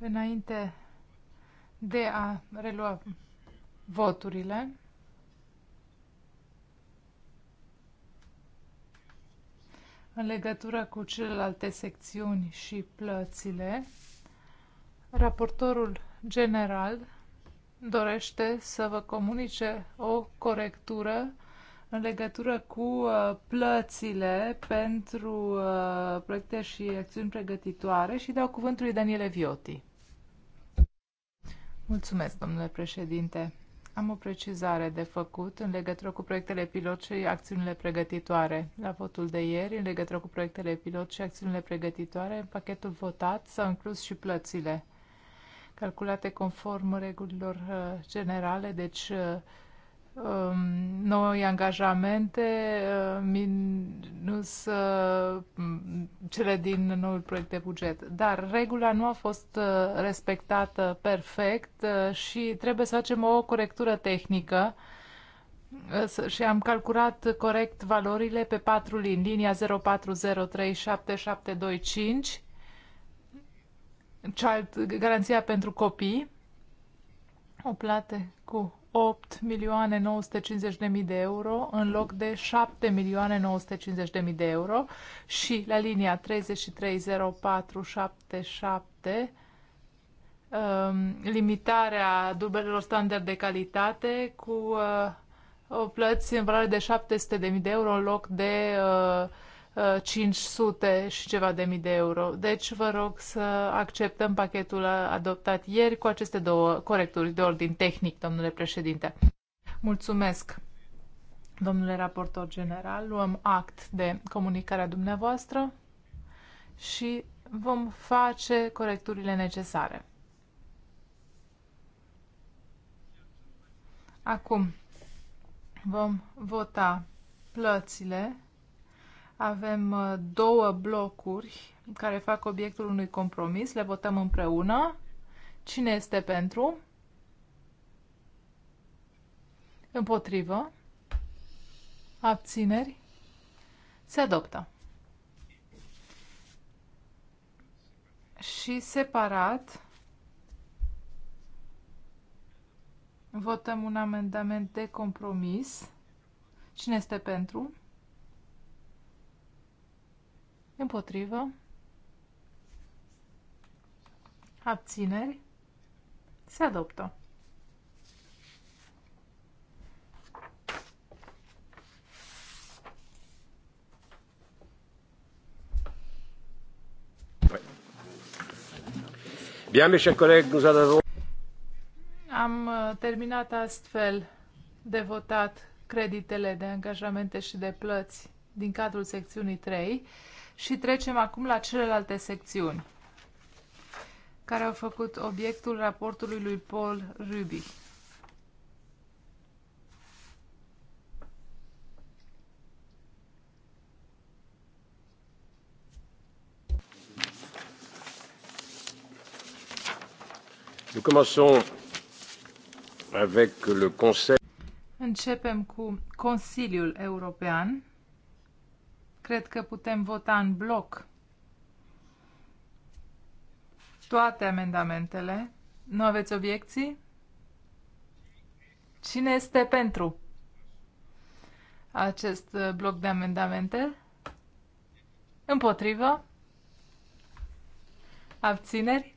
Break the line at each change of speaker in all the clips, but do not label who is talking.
Înainte de a relua voturile, în legătură cu celelalte secțiuni și plățile, raportorul general dorește să vă comunice o corectură în legătură cu uh, plățile pentru uh, proiecte și acțiuni pregătitoare și dau cuvântul lui Daniele Vioti. Mulțumesc, domnule președinte. Am o precizare de făcut în legătură cu proiectele pilot și acțiunile pregătitoare. La votul de ieri, în legătură cu proiectele pilot și acțiunile pregătitoare, în pachetul votat s-au inclus și plățile, calculate conform regulilor uh, generale, deci uh, Um, noi angajamente uh, minus uh, cele din noul proiect de buget. Dar regula nu a fost uh, respectată perfect și trebuie să facem o corectură tehnică și am calculat corect valorile pe patru linii, linia 04037725, garanția pentru copii, o plată cu 8.950.000 de euro în loc de 7.950.000 de euro și la linia 330477 um, limitarea dubelelor standard de calitate cu uh, o plăți în valoare de 700.000 de de euro în loc de uh, 500 uh, și ceva de mii de euro. Deci vă rog să acceptăm pachetul adoptat ieri cu aceste două corecturi de ordin tehnic, domnule președinte. Mulțumesc, domnule raportor general. Luăm act de comunicarea dumneavoastră și vom face corecturile necesare. Acum vom vota plățile avem uh, două blocuri care fac obiectul unui compromis. Le votăm împreună. Cine este pentru? Împotrivă. Abțineri. Se adoptă. Și separat votăm un amendament de compromis. Cine este pentru? Pentru. Împotrivă. Abțineri. Se adoptă. Bine, mes coleg, nu nous Am uh, terminat astfel de votat creditele de angajamente și de plăți din cadrul secțiunii 3. Și trecem acum la celelalte secțiuni care au făcut obiectul raportului lui Paul Ruby.
Nous commençons avec le Conseil.
Începem cu Consiliul European. Cred că putem vota în bloc toate amendamentele. Nu aveți obiecții? Cine este pentru acest uh, bloc de amendamente? Împotrivă? Abțineri?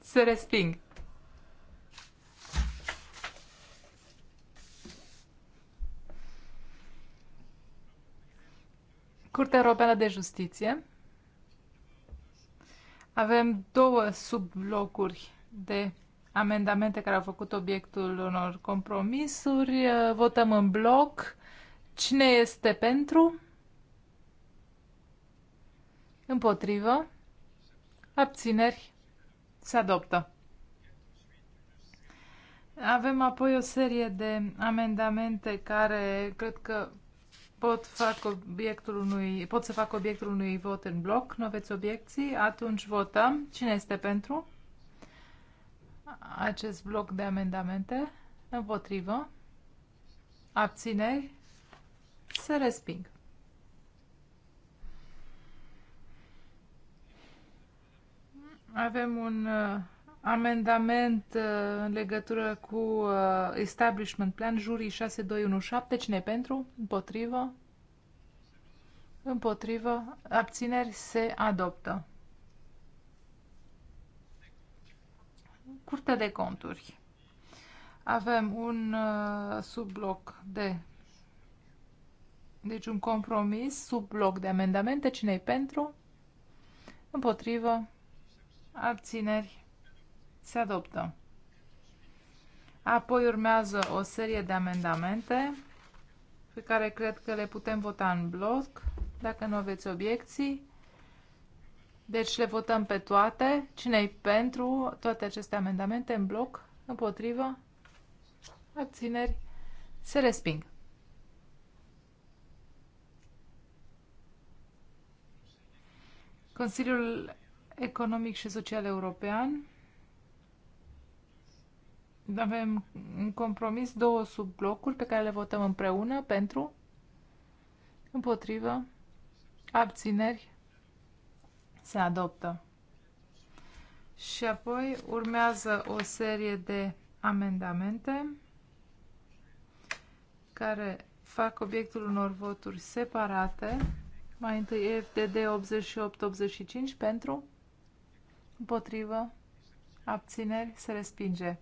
Se resping. Curtea Europeană de Justiție. Avem două subblocuri de amendamente care au făcut obiectul unor compromisuri. Votăm în bloc. Cine este pentru? Împotrivă? Abțineri? Se adoptă. Avem apoi o serie de amendamente care cred că pot, fac obiectul unui, pot să fac obiectul unui vot în bloc. Nu aveți obiecții? Atunci votăm. Cine este pentru acest bloc de amendamente? Împotrivă. Abțineri. Se resping. Avem un uh, amendament uh, în legătură cu uh, establishment plan, jurii 6217, cine pentru? Împotrivă? Împotrivă? Abțineri se adoptă. Curtea de conturi. Avem un uh, subbloc de deci un compromis sub bloc de amendamente. Cine-i pentru? Împotrivă? Abțineri? Se adoptă. Apoi urmează o serie de amendamente pe care cred că le putem vota în bloc, dacă nu aveți obiecții. Deci le votăm pe toate. Cine-i pentru toate aceste amendamente în bloc? Împotrivă? Abțineri? Se resping. Consiliul Economic și Social European avem un compromis două subblocuri pe care le votăm împreună pentru, împotrivă, abțineri, se adoptă. Și apoi urmează o serie de amendamente care fac obiectul unor voturi separate. Mai întâi FDD 88-85 pentru, împotrivă, abțineri, se respinge.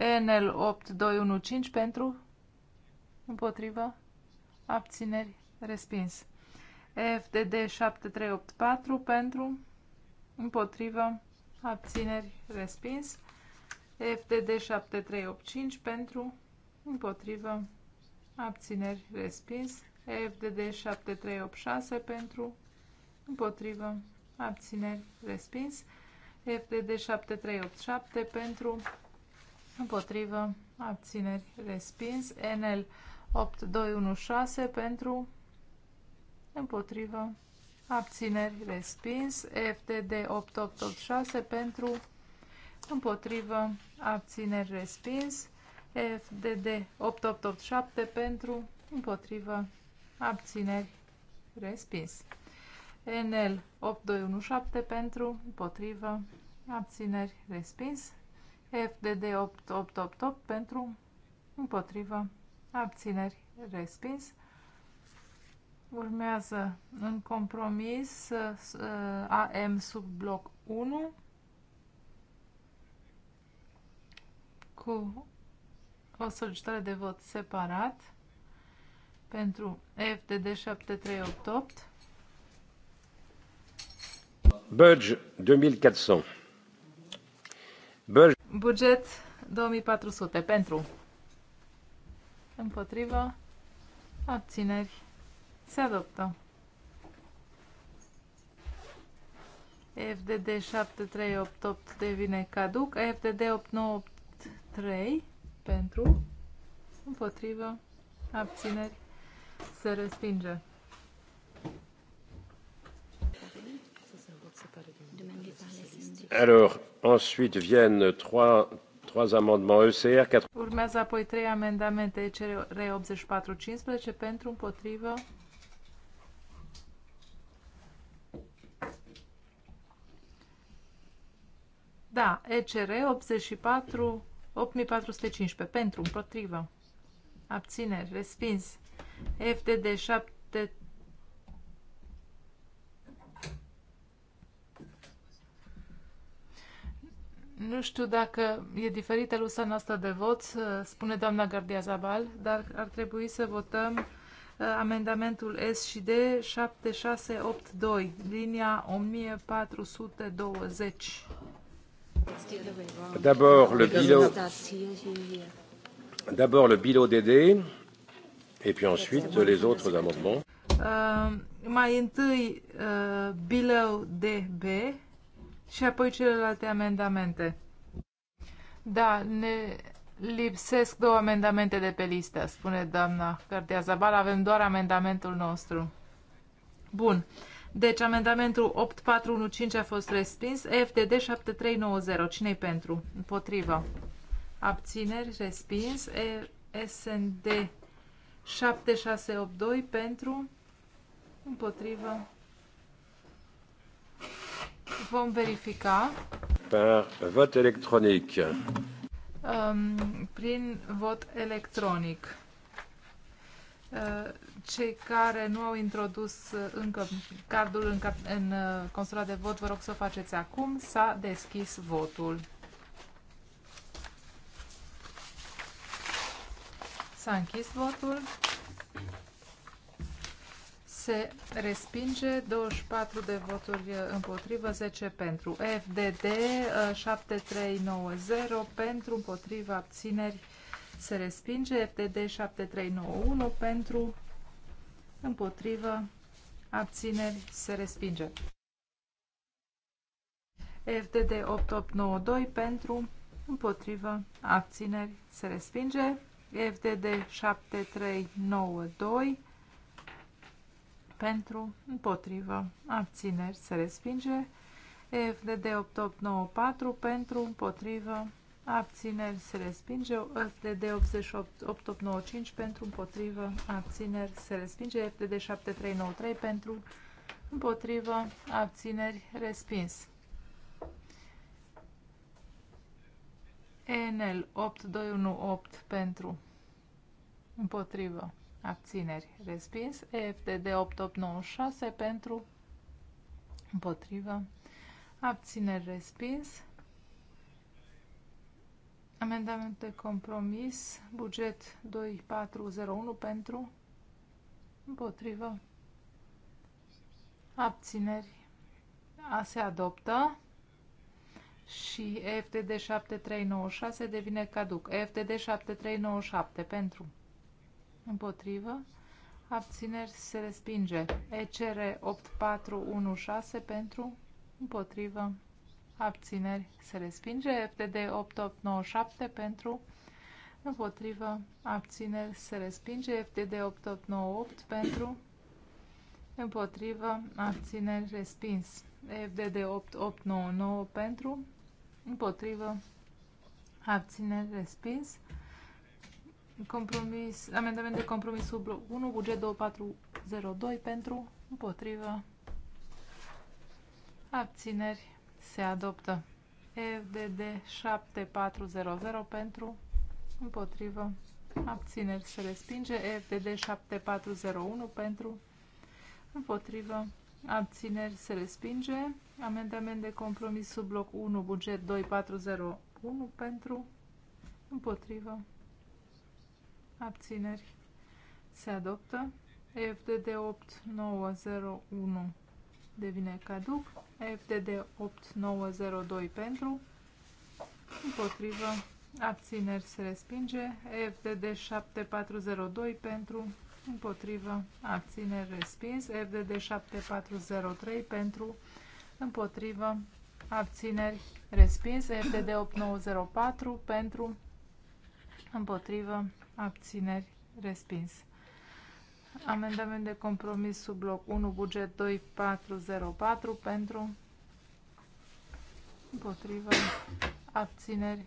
NL 8215 pentru, împotriva abțineri, respins. FDD 7384 pentru, împotriva abțineri, respins. FDD 7385 pentru, împotriva abțineri, respins. FDD 7386 pentru, împotriva abțineri, respins. FDD 7387 pentru, împotrivă, abțineri, respins. NL 8216 pentru, împotrivă, abțineri, respins. FTD 8886 pentru, împotrivă, abțineri, respins. FDD 8887 pentru, împotrivă, abțineri, respins. NL 8217 pentru, împotrivă, abțineri, respins. FDD 8888 pentru, împotrivă, abțineri, respins. Urmează în compromis uh, AM sub bloc 1 cu o solicitare de vot separat pentru FDD 7388.
Budge
2400. Budge
Buget 2400 pentru împotrivă abțineri se adoptă. FDD 7388 devine caduc, FDD 8983 pentru împotrivă abțineri se respinge. Alors, ensuite viennent trois, trois amendements ECR. 4... Urmează apoi trei amendamente ECR 84-15 pentru, împotrivă. Da, ECR 84 8415 pentru, împotrivă. Abțineri, respins. FDD 7 Nu știu dacă e diferită lusa noastră de vot, uh, spune doamna Gardia Zabal, dar ar trebui să votăm uh, amendamentul S și D 7682, linia 1420. D'abord le bilot.
D'abord le bilot DD et puis ensuite les autres amendements.
Uh, mai întâi uh, bilot DB și apoi celelalte amendamente. Da, ne lipsesc două amendamente de pe listă, spune doamna Cartea Zabal. Avem doar amendamentul nostru. Bun. Deci amendamentul 8415 a fost respins. FDD 7390. Cine-i pentru? Împotrivă. Abțineri, respins. E SND 7682 pentru. Împotrivă. Vom verifica.
Par vot electronic.
Um, prin vot electronic. Uh, cei care nu au introdus uh, încă cardul în, card, în uh, consola de vot, vă rog să o faceți acum. S-a deschis votul. S-a închis votul se respinge, 24 de voturi împotrivă, 10 pentru. FDD 7390 uh, pentru, împotriva abțineri se respinge, FDD 7391 pentru, împotrivă, abțineri se respinge. FDD 8892 pentru, împotrivă, abțineri se respinge, FDD 7392 pentru, împotrivă, abțineri, se respinge. EFDD 8894 pentru, împotrivă, abțineri, se respinge. FDD 8895 pentru, împotrivă, abțineri, se respinge. FDD 7393 pentru, împotrivă, abțineri, respins. ENL 8218 pentru, împotrivă, abțineri, respins. EFTD 8896 pentru, împotrivă, abțineri, respins. Amendament de compromis, buget 2401 pentru, împotrivă, abțineri, a se adoptă și FTD 7396 devine caduc. FTD 7397 pentru împotrivă, abțineri se respinge. ECR 8416 pentru, împotrivă, abțineri se respinge. FTD 8897 pentru, împotrivă, abțineri se respinge. FTD 8898 pentru, împotrivă, abțineri respins. FDD 8899 pentru, împotrivă, abțineri respins. Compromis, amendament de compromis 1, buget 2402 pentru, împotrivă, abțineri, se adoptă. FDD 7400 pentru, împotrivă, abțineri, se respinge. FDD 7401 pentru, împotrivă, abțineri, se respinge. Amendament de compromis sub bloc 1, buget 2401 pentru, împotrivă, abțineri, se adoptă. FDD 8901 devine caduc. FDD 8902 pentru, împotrivă, abțineri, se respinge. FDD 7402 pentru, împotrivă, abțineri, respins. FDD 7403 pentru, împotrivă, abțineri, respins. FDD 8904 pentru, împotrivă, abțineri, respins. Amendament de compromis sub bloc 1, buget 2404 pentru, împotrivă, abțineri,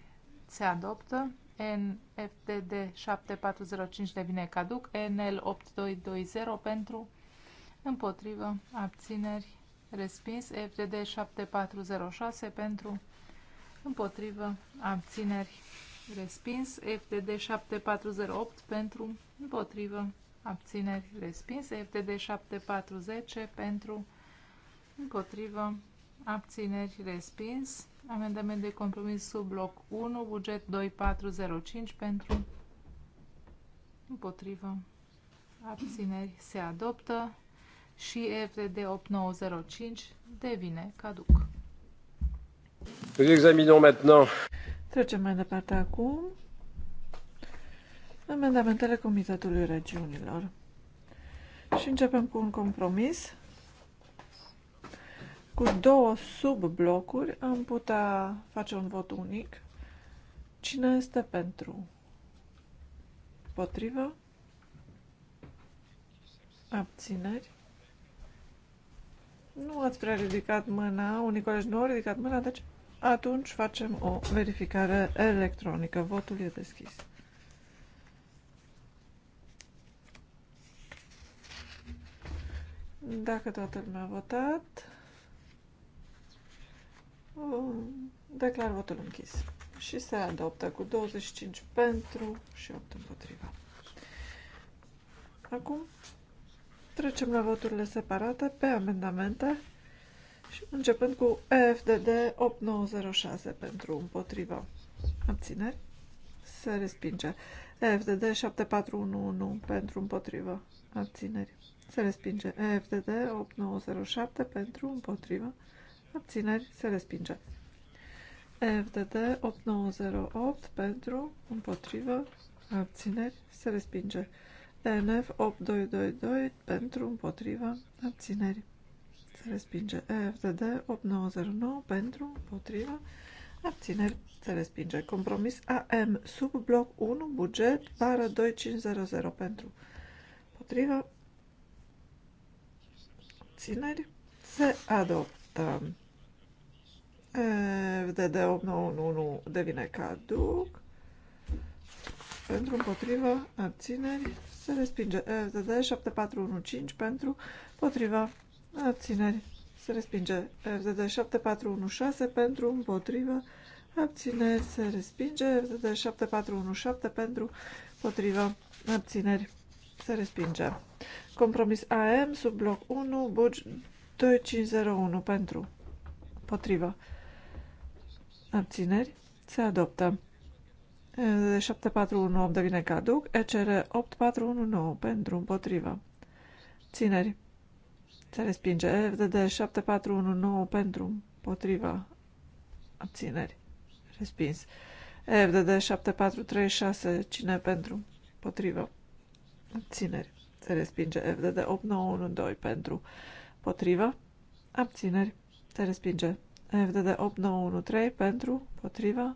se adoptă. NFDD 7405 devine caduc, NL 8220 pentru, împotrivă, abțineri, respins, FDD 7406 pentru, împotrivă, abțineri, respins, FTD 7408 pentru, împotrivă, abțineri, respins, FTD 7410 pentru, împotrivă, abțineri, respins, amendament de compromis sub bloc 1, buget 2405 pentru, împotrivă, abțineri, se adoptă și FTD 8905 devine caduc. Nous examinons maintenant
Trecem mai departe acum. Amendamentele Comitetului Regiunilor. Și începem cu un compromis. Cu două subblocuri am putea face un vot unic. Cine este pentru? Potrivă? Abțineri? Nu ați prea ridicat mâna, unii colegi nu au ridicat mâna, deci atunci facem o verificare electronică. Votul e deschis. Dacă toată lumea a votat, uh, declar votul închis. Și se adoptă cu 25 pentru și 8 împotriva. Acum trecem la voturile separate pe amendamente și începând cu EFDD 8906 pentru împotriva abțineri, se respinge. EFDD 7411 pentru împotriva abțineri, se respinge. EFDD 8907 pentru împotriva abțineri, se respinge. EFDD 8908 pentru împotriva abțineri, se respinge. ENF 8222 pentru împotriva abțineri se respinge. EFDD 8909 pentru, potriva, abțineri, se respinge. Compromis AM, sub bloc 1, buget, bară 2500 pentru, potriva, abțineri, se adoptă. EFDD 8911 devine caduc. Pentru împotriva, abțineri, se respinge. FDD 7415 pentru potriva abțineri, se respinge. FZD 7416 pentru, împotrivă, abțineri, se respinge. FZD 7417 pentru, împotrivă, abțineri, se respinge. Compromis AM sub bloc 1, bugi 2501 pentru, împotrivă, abțineri, se adoptă. 7418 devine caduc, ECR 8419 pentru împotrivă. Țineri. Se respinge. FDD 7419 pentru, potriva, abțineri. Respins. FDD 7436, cine pentru, potriva, abțineri. Se respinge. FDD 8912 pentru, potriva, abțineri. Se respinge. FDD 8913 pentru, potriva,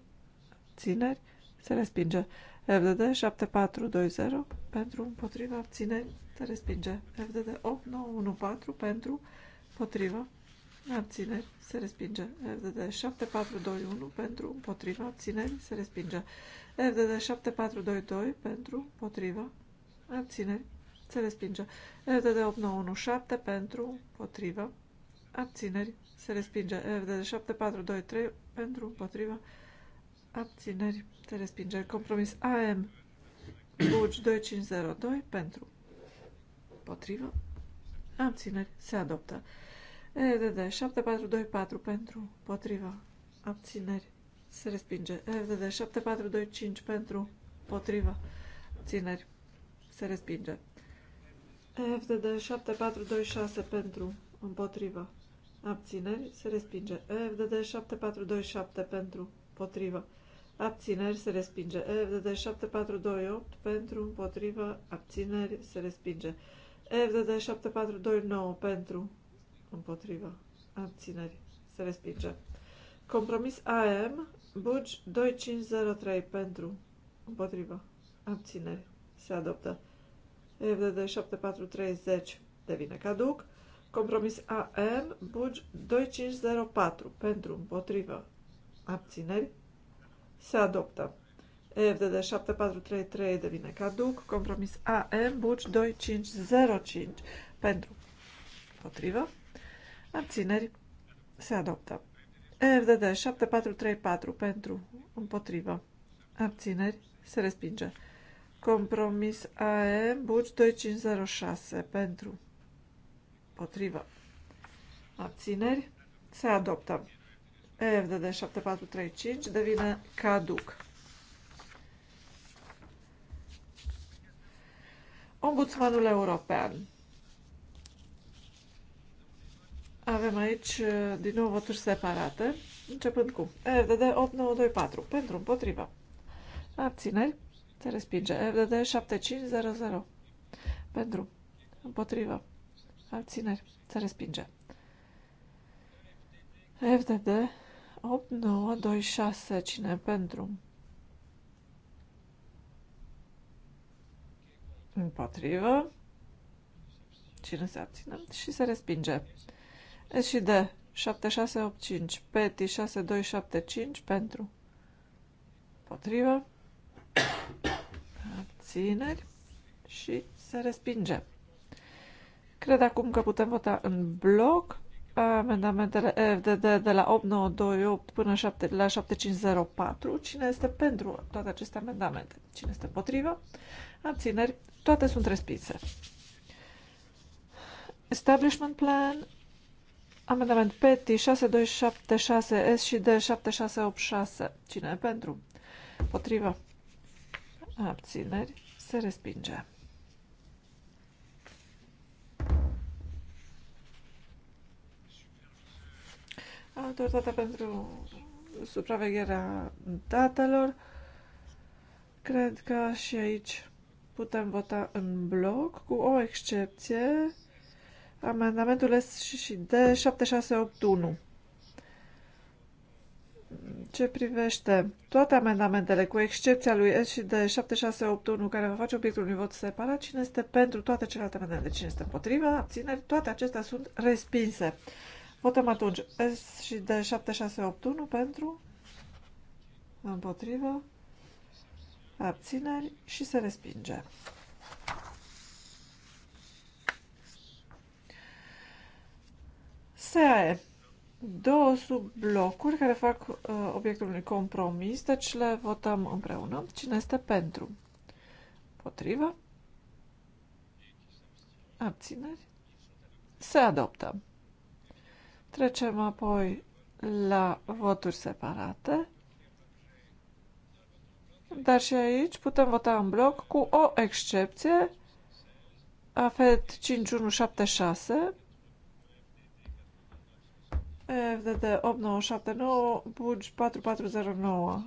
abțineri. Se respinge. FDD 7420 pentru, împotriva, abțineri se respinge. FDD 8914 pentru, potrivă, abțineri, se respinge. FDD 7421 pentru, potrivă, abțineri, se respinge. FDD 7422 pentru, potrivă, abțineri, se respinge. FDD 8917 pentru, potrivă, abțineri, se respinge. FDD 7423 pentru, potrivă, abțineri, se respinge. Compromis AM Bugi 2502 pentru am Abțineri. Se adoptă. RDD 7424 pentru. am Abțineri. Se respinge. RDD 7425 pentru. potrivă. Abțineri. Se respinge. RDD 7426 pentru. Împotrivă. Abțineri. Se respinge. RDD 7427 pentru. potrivă. Abțineri se respinge. E de 7428 pentru, împotrivă, abțineri se respinge. FDD 7429 pentru împotriva abțineri se respinge. Compromis AM Bugi 2503 pentru împotriva abțineri se adoptă. FDD 7430 devine caduc. Compromis AM Bugi 2504 pentru împotriva abțineri se adoptă. FDD 7433 devine caduc. Compromis AM, Buci 2505 pentru potrivă. Abțineri se adoptă. FDD 7434 pentru împotrivă. Abțineri se respinge. Compromis AM Buci 2506 pentru potrivă. Abțineri se adoptă. EFDD 7435 devine caduc. Ombudsmanul European. Avem aici eh, din nou voturi separate, începând cu RDD 8924 pentru împotriva. Abțineri se respinge. RDD 7500 pentru împotriva. Abțineri se respinge. FDD 8926 cine pentru Împotrivă. nu se abține? Și se respinge. S și D. 7685. Peti 6275 pentru. Împotrivă. Abțineri. Și se respinge. Cred acum că putem vota în bloc amendamentele FDD de la 8928 până la 7504. Cine este pentru toate aceste amendamente? Cine este potrivă? Abțineri. Toate sunt respinse. Establishment Plan, amendament PETI 6276 S și D 7686. Cine e pentru? Potrivă. Abțineri. Se respinge. Autoritatea pentru supravegherea datelor. Cred că și aici putem vota în bloc, cu o excepție, amendamentul S și D 7681. Ce privește toate amendamentele, cu excepția lui S și D 7681, care va face obiectul unui vot separat, cine este pentru toate celelalte amendamente, cine este împotriva, abțineri, toate acestea sunt respinse. Votăm atunci S și d 7681 pentru, împotrivă, abțineri și se respinge. SAE. Două sublocuri care fac uh, obiectul unui compromis, deci le votăm împreună. Cine este pentru? Potrivă? Abțineri? Se adoptă. Trecem apoi la voturi separate. Dar și aici putem vota în bloc cu o excepție, AFET 5176, FDD 8979, BUGE 4409.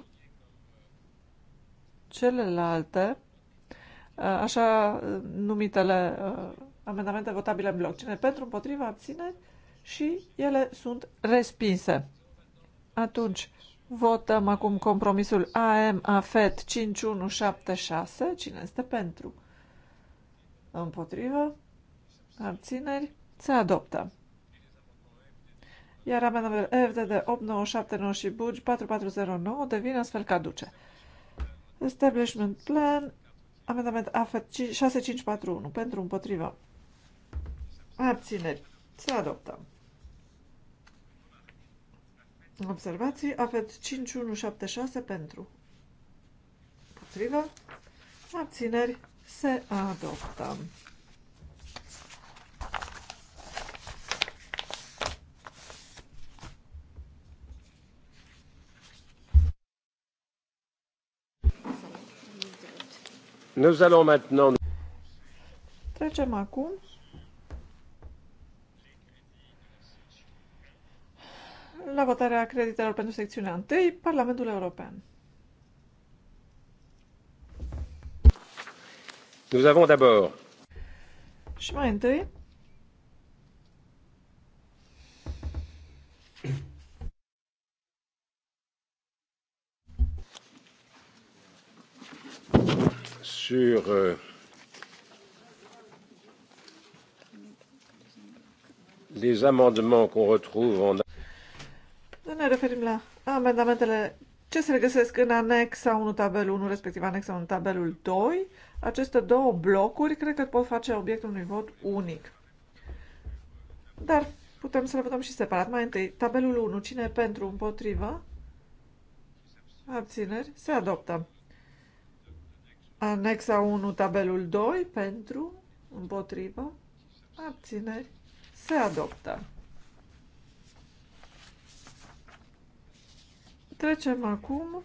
Celelalte, așa numitele uh, amendamente votabile în bloc. Cine pentru, împotriva, abțineri, și ele sunt respinse. Atunci, votăm acum compromisul AM AFET 5176. Cine este pentru? Împotrivă? Abțineri? Se adoptă. Iar amendamentele FDD 8979 și Bugi 4409 devine astfel caduce. Establishment Plan, amendament AFET 6541 pentru împotrivă. Abțineri. Se adoptă. Observații. aveți 5176 pentru. Potrivă. Abțineri. Se adoptă.
Nous allons maintenant...
Trecem acum la votarea creditelor pentru secțiunea 1, Parlamentul European.
Nous avons d'abord.
Și mai întâi.
Sur euh, les amendements qu'on retrouve en
ne referim la amendamentele ce se regăsesc în anexa 1 tabelul 1, respectiv anexa 1 tabelul 2. Aceste două blocuri cred că pot face obiectul unui vot unic. Dar putem să le votăm și separat. Mai întâi, tabelul 1, cine e pentru, împotrivă? Abțineri, se adoptă. Anexa 1, tabelul 2, pentru, împotrivă, abțineri, se adoptă. Trecem acum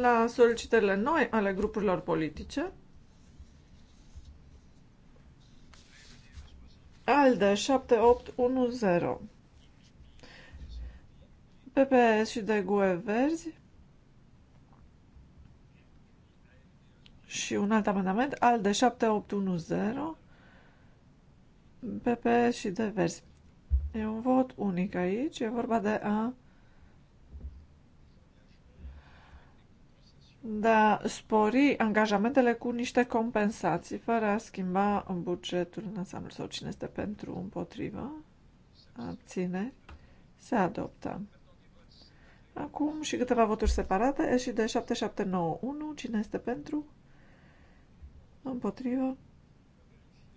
la solicitările noi ale grupurilor politice. ALDE 7810 PPS și de GUE Verzi și un alt amendament ALDE 7810 PPS și de Verzi. E un vot unic aici, e vorba de a de a spori angajamentele cu niște compensații, fără a schimba bugetul în ansamblu sau cine este pentru, împotrivă, abține, se adoptă. Acum și câteva voturi separate, și de 7791, cine este pentru, împotrivă,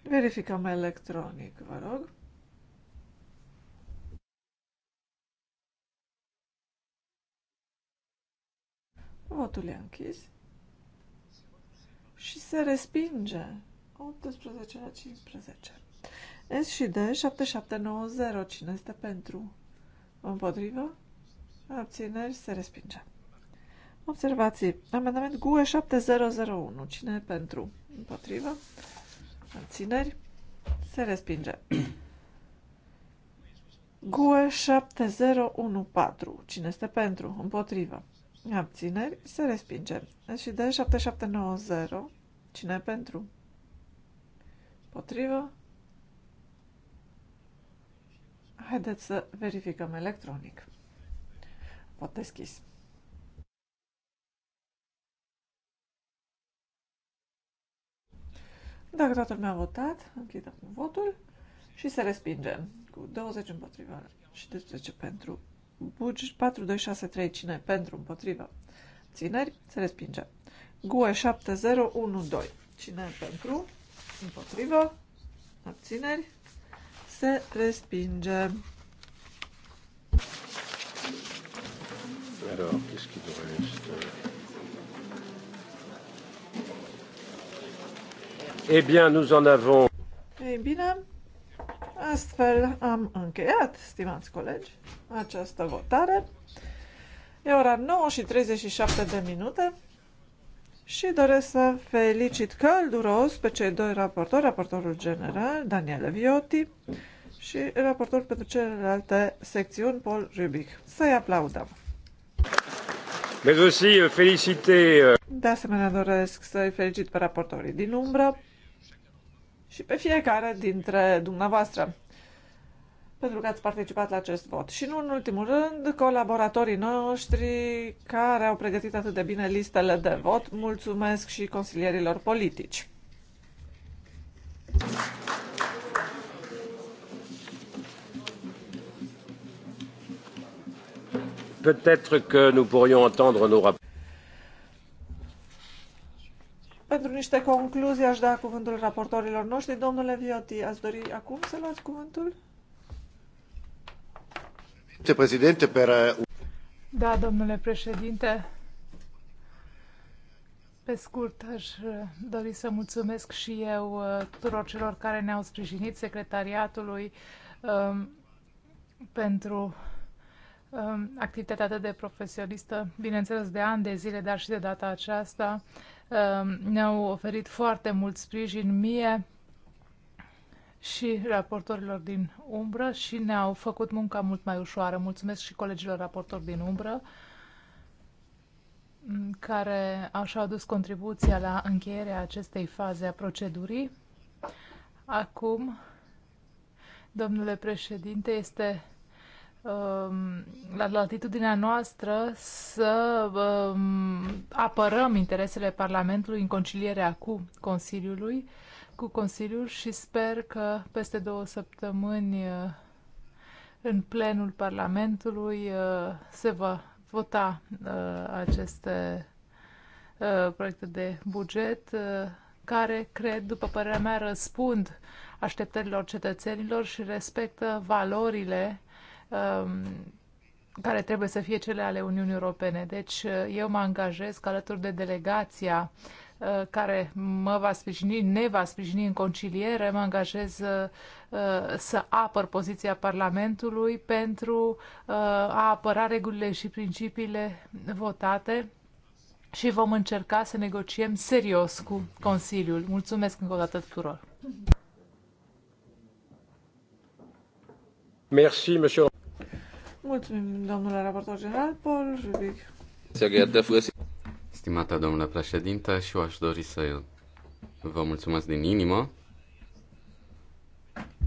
verificăm electronic, vă rog. Votul e închis. Și se respinge. 18 la 15. S și D 7790. Cine este pentru? Împotrivă? Abțineri se respinge. Observații. Amendament GUE 7001. Cine e pentru? Împotrivă? Abțineri se respinge. GUE 7014. Cine este pentru? Împotrivă. Abțineri se respinge. Și de 7790. Cine pentru? Potrivă? Haideți să verificăm electronic. Pot deschis. Dacă toată lumea a votat, închidem votul și se respinge cu 20 împotriva și 10 pentru Bugi 3, cine pentru împotrivă țineri se respinge. GUE 2. cine pentru împotrivă abțineri se respinge. Alors, qu'est-ce qui Eh bien, nous en avons. Eh bien, Astfel am încheiat, stimați colegi, această votare. E ora 9 și 37 de minute și doresc să felicit călduros pe cei doi raportori, raportorul general Daniele Viotti și raportorul pentru celelalte secțiuni Paul Rubic. Să-i aplaudăm! Euh,
euh,
de asemenea, doresc să-i felicit pe raportorii din umbră și pe fiecare dintre dumneavoastră pentru că ați participat la acest vot. Și nu în ultimul rând, colaboratorii noștri care au pregătit atât de bine listele de vot, mulțumesc și consilierilor politici.
Peut-être că nous pourrions entendre nos rapports.
Pentru niște concluzii aș da cuvântul raportorilor noștri. Domnule Vioti, ați dori acum să
luați cuvântul?
Președinte, per... Uh,
da, domnule președinte, pe scurt, aș uh, dori să mulțumesc și eu uh, tuturor celor care ne-au sprijinit, secretariatului, um, pentru um, activitatea atât de profesionistă, bineînțeles de ani de zile, dar și de data aceasta. Um, ne-au oferit foarte mult sprijin mie și raportorilor din umbră și ne-au făcut munca mult mai ușoară. Mulțumesc și colegilor raportori din umbră mm, care și-au adus contribuția la încheierea acestei faze a procedurii. Acum, domnule președinte, este Um, la latitudinea noastră să um, apărăm interesele Parlamentului în concilierea cu Consiliului, cu Consiliul și sper că peste două săptămâni uh, în plenul Parlamentului uh, se va vota uh, aceste proiecte de buget care, cred, după părerea mea, răspund așteptărilor cetățenilor și respectă valorile Um, care trebuie să fie cele ale Uniunii Europene. Deci uh, eu mă angajez că alături de delegația uh, care mă va sprijini, ne va sprijini în conciliere, mă angajez uh, să apăr poziția Parlamentului pentru a apăra regulile și principiile votate și vom încerca să negociem serios cu Consiliul. Mulțumesc încă o dată tuturor!
Merci, monsieur.
Mulțumim, domnule raportor general, Paul Jubic.
Stimata domnule președinte, și eu aș dori să vă mulțumesc din inimă.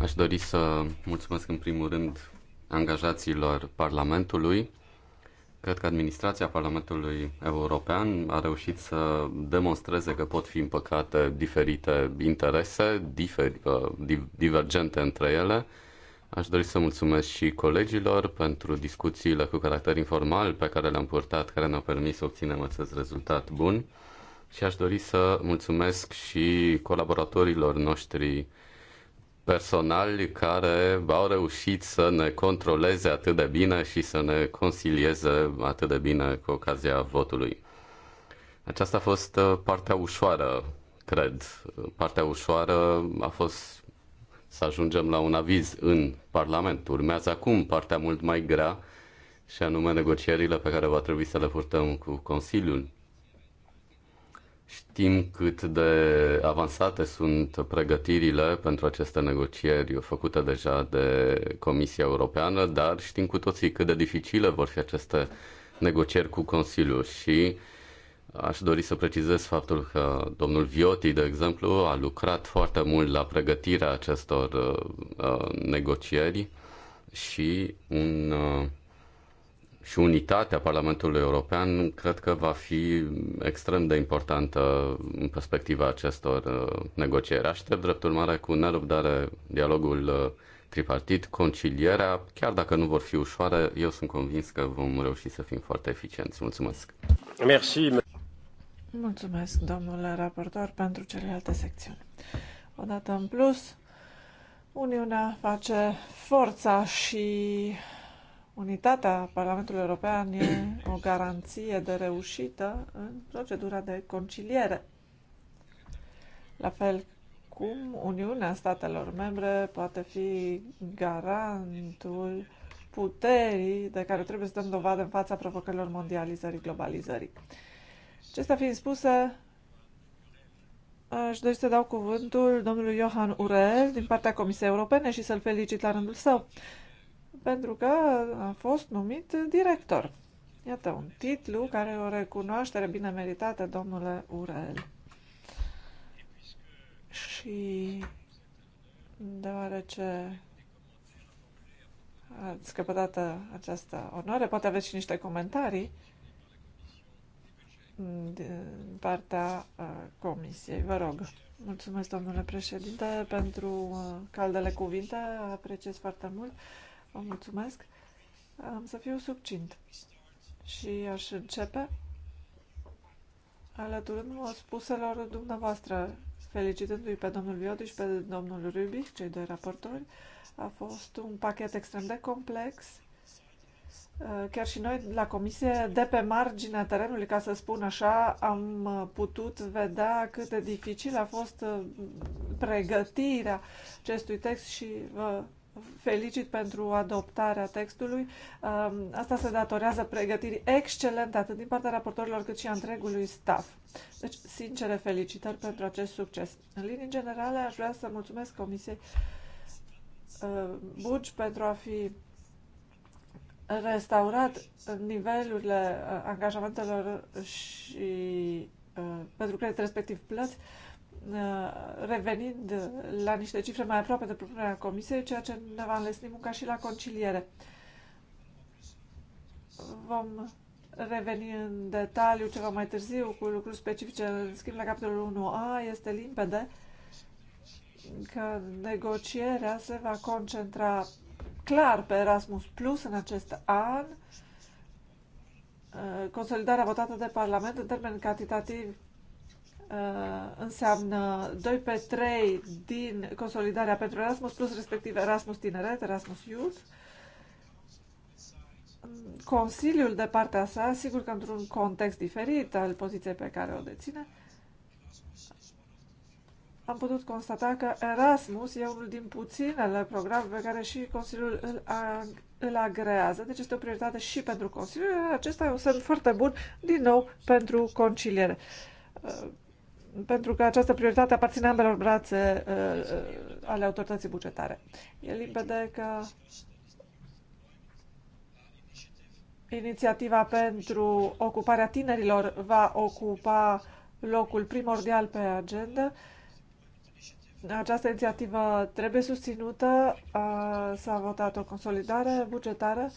Aș dori să mulțumesc în primul rând angajaților Parlamentului. Cred că administrația Parlamentului European a reușit să demonstreze că pot fi împăcate diferite interese, diferi uh, divergente între ele, Aș dori să mulțumesc și colegilor pentru discuțiile cu caracter informal pe care le-am purtat, care ne-au permis să obținem acest rezultat bun. Și aș dori să mulțumesc și colaboratorilor noștri personali care au reușit să ne controleze atât de bine și să ne consilieze atât de bine cu ocazia votului. Aceasta a fost uh, partea ușoară, cred. Partea ușoară a fost să ajungem la un aviz în Parlament. Urmează acum partea mult mai grea și anume negocierile pe care va trebui să le purtăm cu Consiliul. Știm cât de avansate sunt pregătirile pentru aceste negocieri făcute deja de Comisia Europeană, dar știm cu toții cât de dificile vor fi aceste negocieri cu Consiliul și uh, Aș dori să precizez faptul că domnul Vioti, de exemplu, a lucrat foarte mult la pregătirea acestor uh, uh, negocieri și un uh, și unitatea Parlamentului European cred că va fi extrem de importantă în perspectiva acestor uh, negocieri. Aștept drept urmare cu nerăbdare dialogul uh, tripartit, concilierea, chiar dacă nu vor fi ușoare, eu sunt convins că vom reuși să fim foarte eficienți. Mulțumesc! Merci.
Mulțumesc, domnule raportor, pentru celelalte secțiuni. Odată în plus, Uniunea face forța și unitatea Parlamentului European e o garanție de reușită în procedura de conciliere. La fel cum Uniunea Statelor Membre poate fi garantul puterii de care trebuie să dăm dovadă în fața provocărilor mondializării, globalizării. Acesta fiind spusă, aș dori să dau cuvântul domnului Johan Urel din partea Comisiei Europene și să-l felicit la rândul său, pentru că a fost numit director. Iată un titlu care o recunoaștere bine meritată, domnule Urel. Și deoarece ați căpătat această onoare, poate aveți și niște comentarii din partea uh, Comisiei. Vă rog. Mulțumesc, domnule președinte, pentru uh, caldele cuvinte. Apreciez foarte mult. Vă mulțumesc. Am să fiu subcint. și aș începe alăturându-mă spuselor dumneavoastră, felicitându-i pe domnul Viodu și pe domnul Rubic, cei doi raportori. A fost un pachet extrem de complex Uh, chiar și noi, la comisie, de pe marginea terenului, ca să spun așa, am uh, putut vedea cât de dificil a fost uh, pregătirea acestui text și vă felicit pentru adoptarea textului. Um, asta se datorează pregătirii excelente atât din partea raportorilor cât și a întregului staff. Deci, sincere felicitări pentru acest succes. În linii generale, aș vrea să mulțumesc Comisiei Bugi pentru a fi restaurat nivelurile uh, angajamentelor și uh, pentru credit respectiv plăți, uh, revenind la niște cifre mai aproape de propunerea Comisiei, ceea ce ne va înlesni munca și la conciliere. Vom reveni în detaliu ceva mai târziu cu lucruri specifice. În schimb, la capitolul 1A este limpede că negocierea se va concentra clar pe Erasmus Plus în acest an, uh, consolidarea votată de Parlament în termen cantitativ uh, înseamnă 2 pe 3 din consolidarea pentru Erasmus Plus, respectiv Erasmus Tineret, Erasmus Youth. Consiliul de partea sa, sigur că într-un context diferit al poziției pe care o deține, am putut constata că Erasmus e unul din puținele programe pe care și Consiliul îl, ag- îl agrează, deci este o prioritate și pentru Consiliu. Acesta e un semn foarte bun, din nou, pentru conciliere. Uh, pentru că această prioritate aparține ambelor brațe uh, ale autorității bugetare. E limpede că inițiativa pentru ocuparea tinerilor va ocupa locul primordial pe agenda. Uh, această inițiativă trebuie susținută. S-a votat o consolidare bugetară.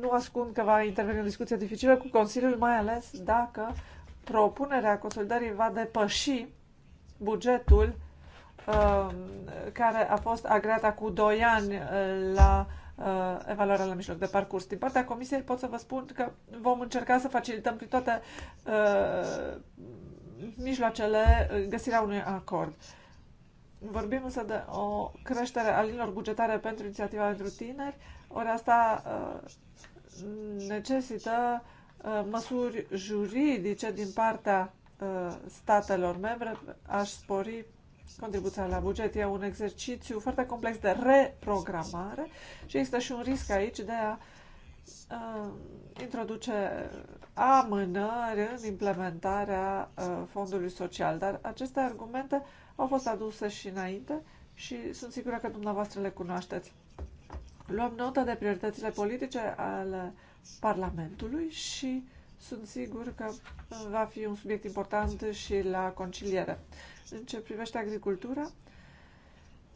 Nu ascund că va interveni o discuție dificilă cu Consiliul, mai ales dacă propunerea consolidării va depăși bugetul care a fost agreată cu 2 ani la evaluarea la mijloc de parcurs. Din partea Comisiei pot să vă spun că vom încerca să facilităm prin toate mijloacele găsirea unui acord. Uh, Vorbim însă de o creștere a linilor bugetare pentru inițiativa pentru tineri, ori asta uh, necesită uh, măsuri juridice din partea uh, statelor membre. Aș spori contribuția la buget. E un exercițiu foarte complex de reprogramare și există și un risc aici de a introduce amânări în implementarea fondului social. Dar aceste argumente au fost aduse și înainte și sunt sigură că dumneavoastră le cunoașteți. Luăm notă de prioritățile politice ale Parlamentului și sunt sigur că va fi un subiect important și la conciliere. În ce privește agricultura,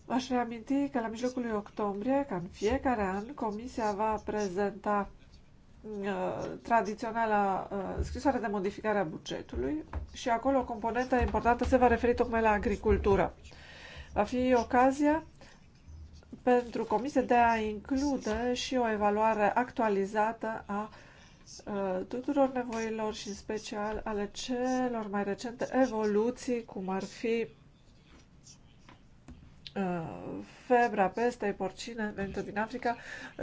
aș reaminti că la mijlocul lui octombrie, ca în fiecare an, Comisia va prezenta Uh, tradiționala uh, scrisoare de modificare a bugetului și acolo o componentă importantă se va referi tocmai la agricultură. Va fi ocazia pentru comisie de a include și o evaluare actualizată a uh, tuturor nevoilor și în special ale celor mai recente evoluții, cum ar fi febra pestei porcine venită din Africa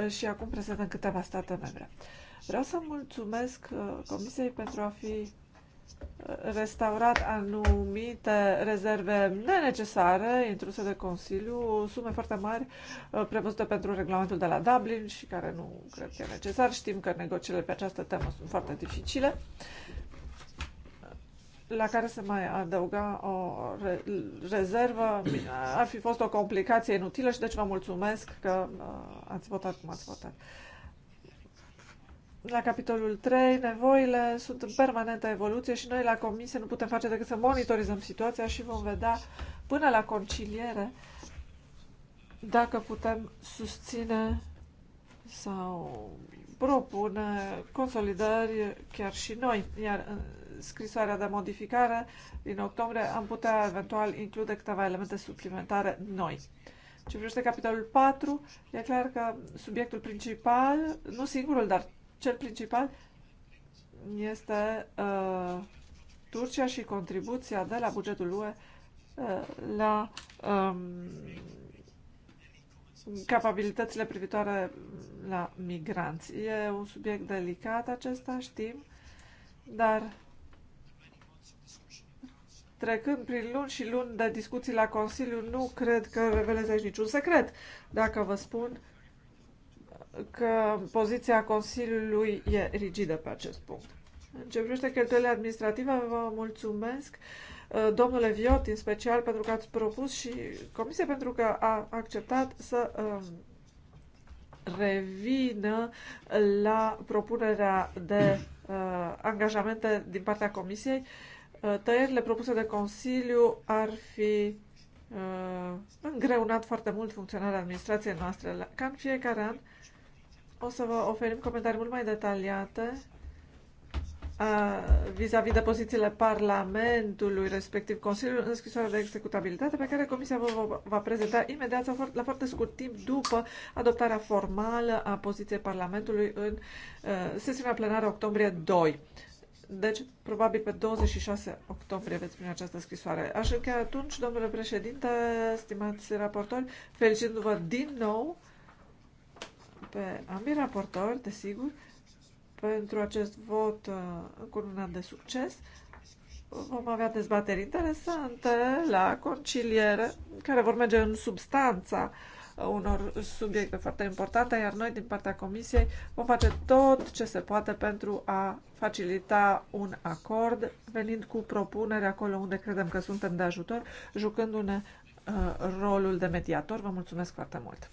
și acum prezentă în câteva state membre. Vreau să mulțumesc uh, Comisiei pentru a fi uh, restaurat anumite rezerve nenecesare intruse de Consiliu, sume foarte mari uh, prevăzute pentru regulamentul de la Dublin și care nu cred că e necesar. Știm că negocierile pe această temă sunt foarte dificile la care se mai adăuga o re- rezervă, ar fi fost o complicație inutilă și deci vă mulțumesc că ați votat cum ați votat. La capitolul 3, nevoile sunt în permanentă evoluție și noi la comisie nu putem face decât să monitorizăm situația și vom vedea până la conciliere dacă putem susține sau propune consolidări chiar și noi, iar în scrisoarea de modificare din octombrie am putea eventual include câteva elemente suplimentare noi. Ce privește capitolul 4, e clar că subiectul principal, nu singurul, dar cel principal este uh, Turcia și contribuția de la bugetul UE uh, la um, capabilitățile privitoare la migranți. E un subiect delicat acesta, știm, dar trecând prin luni și luni de discuții la Consiliu, nu cred că revelez aici niciun secret. Dacă vă spun că poziția Consiliului e rigidă pe acest punct. În ce privește cheltuielile administrative, vă mulțumesc, uh, domnule Viot, în special pentru că ați propus și Comisia pentru că a acceptat să um, revină la propunerea de uh, angajamente din partea Comisiei. Uh, tăierile propuse de Consiliu ar fi uh, îngreunat foarte mult funcționarea administrației noastre. Ca în fiecare an, o să vă oferim comentarii mult mai detaliate vis-a-vis -vis de pozițiile Parlamentului, respectiv Consiliul, în scrisoarea de executabilitate pe care Comisia vă va prezenta imediat sau la foarte scurt timp după adoptarea formală a poziției Parlamentului în sesiunea plenară octombrie 2. Deci, probabil pe 26 octombrie veți primi această scrisoare. Așa că atunci, domnule președinte, stimați raportori, felicitându-vă din nou pe ambii raportori, desigur, pentru acest vot încununat uh, de succes. Vom avea dezbateri interesante la conciliere, care vor merge în substanța uh, unor subiecte foarte importante, iar noi, din partea Comisiei, vom face tot ce se poate pentru a facilita un acord, venind cu propuneri acolo unde credem că suntem de ajutor, jucându-ne uh, rolul de mediator. Vă mulțumesc foarte mult!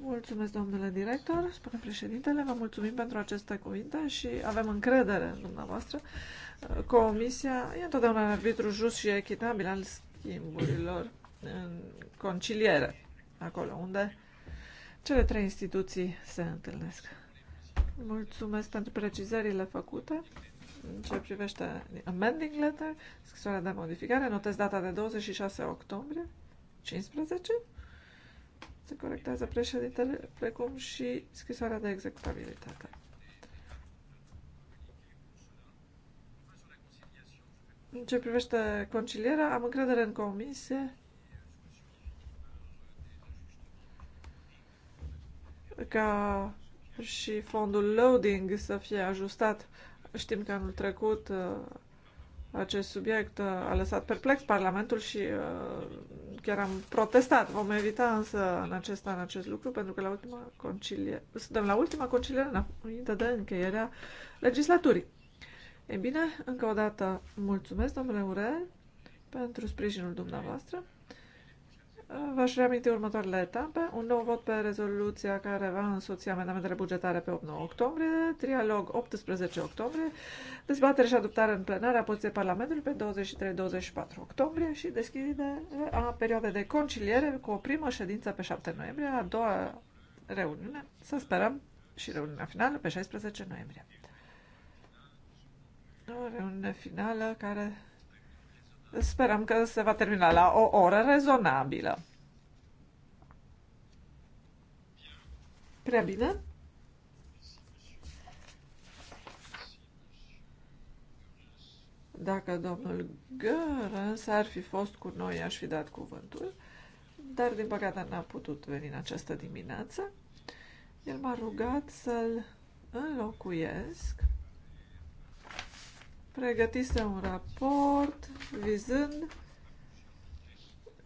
Mulțumesc, domnule director, spune președintele. Vă mulțumim pentru aceste cuvinte și avem încredere în dumneavoastră. Comisia e întotdeauna un arbitru just și echitabil al schimburilor în conciliere, acolo unde cele trei instituții se întâlnesc. Mulțumesc pentru precizările făcute în ce privește amending letter, scrisoarea de modificare. Notez data de 26 octombrie 15 se corectează președintele, precum și scrisoarea de executabilitate. În ce privește concilierea, am încredere în comisie ca și fondul loading să fie ajustat. Știm că anul trecut uh, acest subiect uh, a lăsat perplex Parlamentul și uh, chiar am protestat. Vom evita însă în acest an acest lucru pentru că la ultima conciliere, suntem la ultima conciliere înainte de încheierea legislaturii. E bine, încă o dată mulțumesc, domnule Ure, pentru sprijinul dumneavoastră. V-aș reaminti următoarele etape. Un nou vot pe rezoluția care va însoți amendamentele bugetare pe 8-9 octombrie, trialog 18 octombrie, dezbatere și adoptare în plenare a poziției Parlamentului pe 23-24 octombrie și deschidere a perioadei de conciliere cu o primă ședință pe 7 noiembrie, a doua reuniune, să sperăm, și reuniunea finală pe 16 noiembrie. O reuniune finală care Sperăm că se va termina la o oră rezonabilă. Prea bine. Dacă domnul s ar fi fost cu noi, aș fi dat cuvântul, dar din păcate n-a putut veni în această dimineață. El m-a rugat să-l înlocuiesc pregătise un raport vizând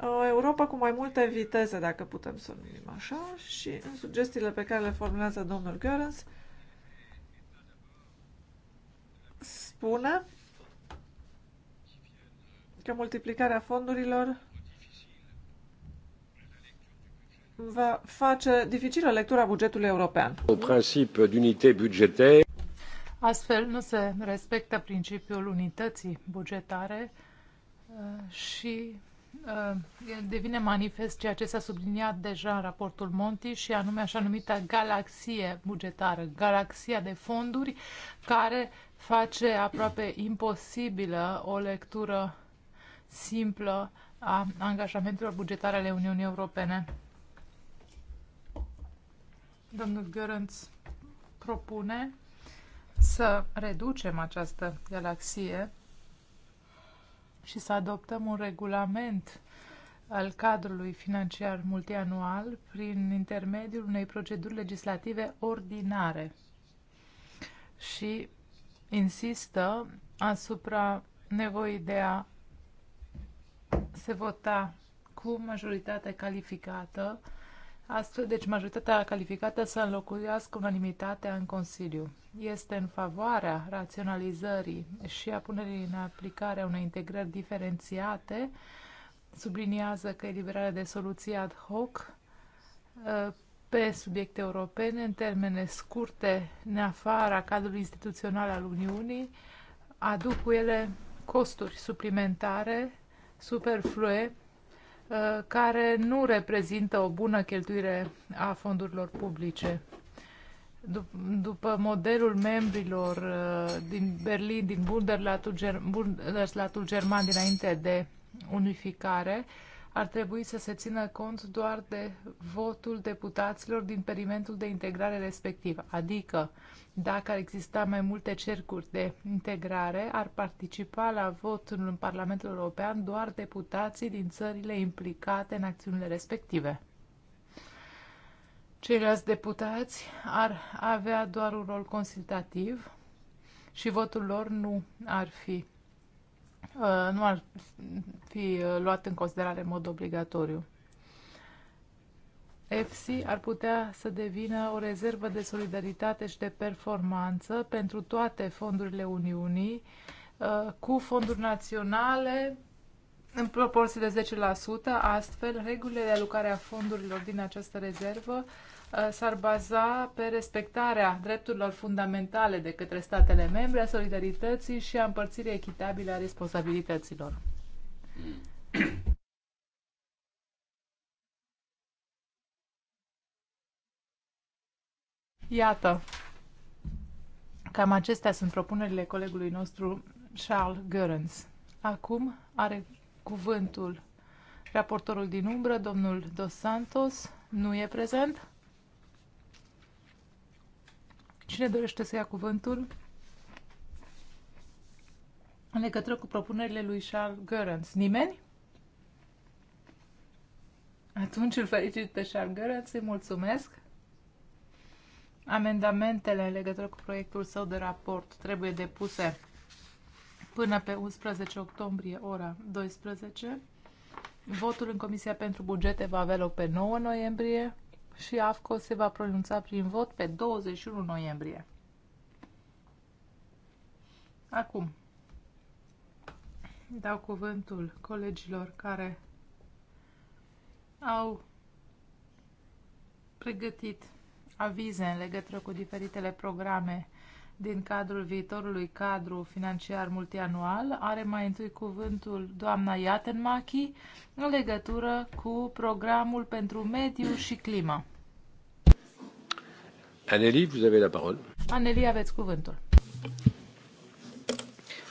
o uh, Europa cu mai multe viteze, dacă putem să o numim așa, și în sugestiile pe care le formulează domnul Görens, spune că multiplicarea fondurilor va face dificilă lectura bugetului european.
Un principiu d'unité bugetară.
Astfel nu se respectă principiul unității bugetare uh, și uh, devine manifest ceea ce s-a subliniat deja în raportul Monti și anume așa numită galaxie bugetară, galaxia de fonduri care face aproape imposibilă o lectură simplă a angajamentelor bugetare ale Uniunii Europene. Domnul Gărânț propune să reducem această galaxie și să adoptăm un regulament al cadrului financiar multianual prin intermediul unei proceduri legislative ordinare și insistă asupra nevoii de a se vota cu majoritate calificată Astfel, deci majoritatea calificată să înlocuiască unanimitatea în Consiliu. Este în favoarea raționalizării și a punerii în aplicare a unei integrări diferențiate. Subliniază că eliberarea de soluții ad hoc uh, pe subiecte europene în termene scurte, în afara cadrului instituțional al Uniunii, aduc cu ele costuri suplimentare, superflue, Uh, care nu reprezintă o bună cheltuire a fondurilor publice. După modelul membrilor uh, din Berlin, din Bundeslatul German dinainte de unificare, ar trebui să se țină cont doar de votul deputaților din perimentul de integrare respectiv. Adică, dacă ar exista mai multe cercuri de integrare, ar participa la votul în Parlamentul European doar deputații din țările implicate în acțiunile respective. Ceilalți deputați ar avea doar un rol consultativ și votul lor nu ar fi Uh, nu ar fi uh, luat în considerare în mod obligatoriu. EFSI ar putea să devină o rezervă de solidaritate și de performanță pentru toate fondurile Uniunii, uh, cu fonduri naționale în proporție de 10%, astfel regulile de alocare a fondurilor din această rezervă Uh, s-ar baza pe respectarea drepturilor fundamentale de către statele membre, a solidarității și a împărțirii echitabile a responsabilităților. Iată, cam acestea sunt propunerile colegului nostru Charles Görens. Acum are cuvântul raportorul din umbră, domnul Dos Santos, nu e prezent. Cine dorește să ia cuvântul? În legătură cu propunerile lui Charles Görans. Nimeni? Atunci îl felicit pe Charles Görans, îi mulțumesc. Amendamentele în legătură cu proiectul său de raport trebuie depuse până pe 11 octombrie, ora 12. Votul în Comisia pentru Bugete va avea loc pe 9 noiembrie și AFCO se va pronunța prin vot pe 21 noiembrie. Acum, dau cuvântul colegilor care au pregătit avize în legătură cu diferitele programe din cadrul viitorului cadru financiar multianual. Are mai întâi cuvântul doamna Iatenmachi în legătură cu programul pentru mediu și climă.
Anneli, vous avez la parole.
Anneli, aveți cuvântul.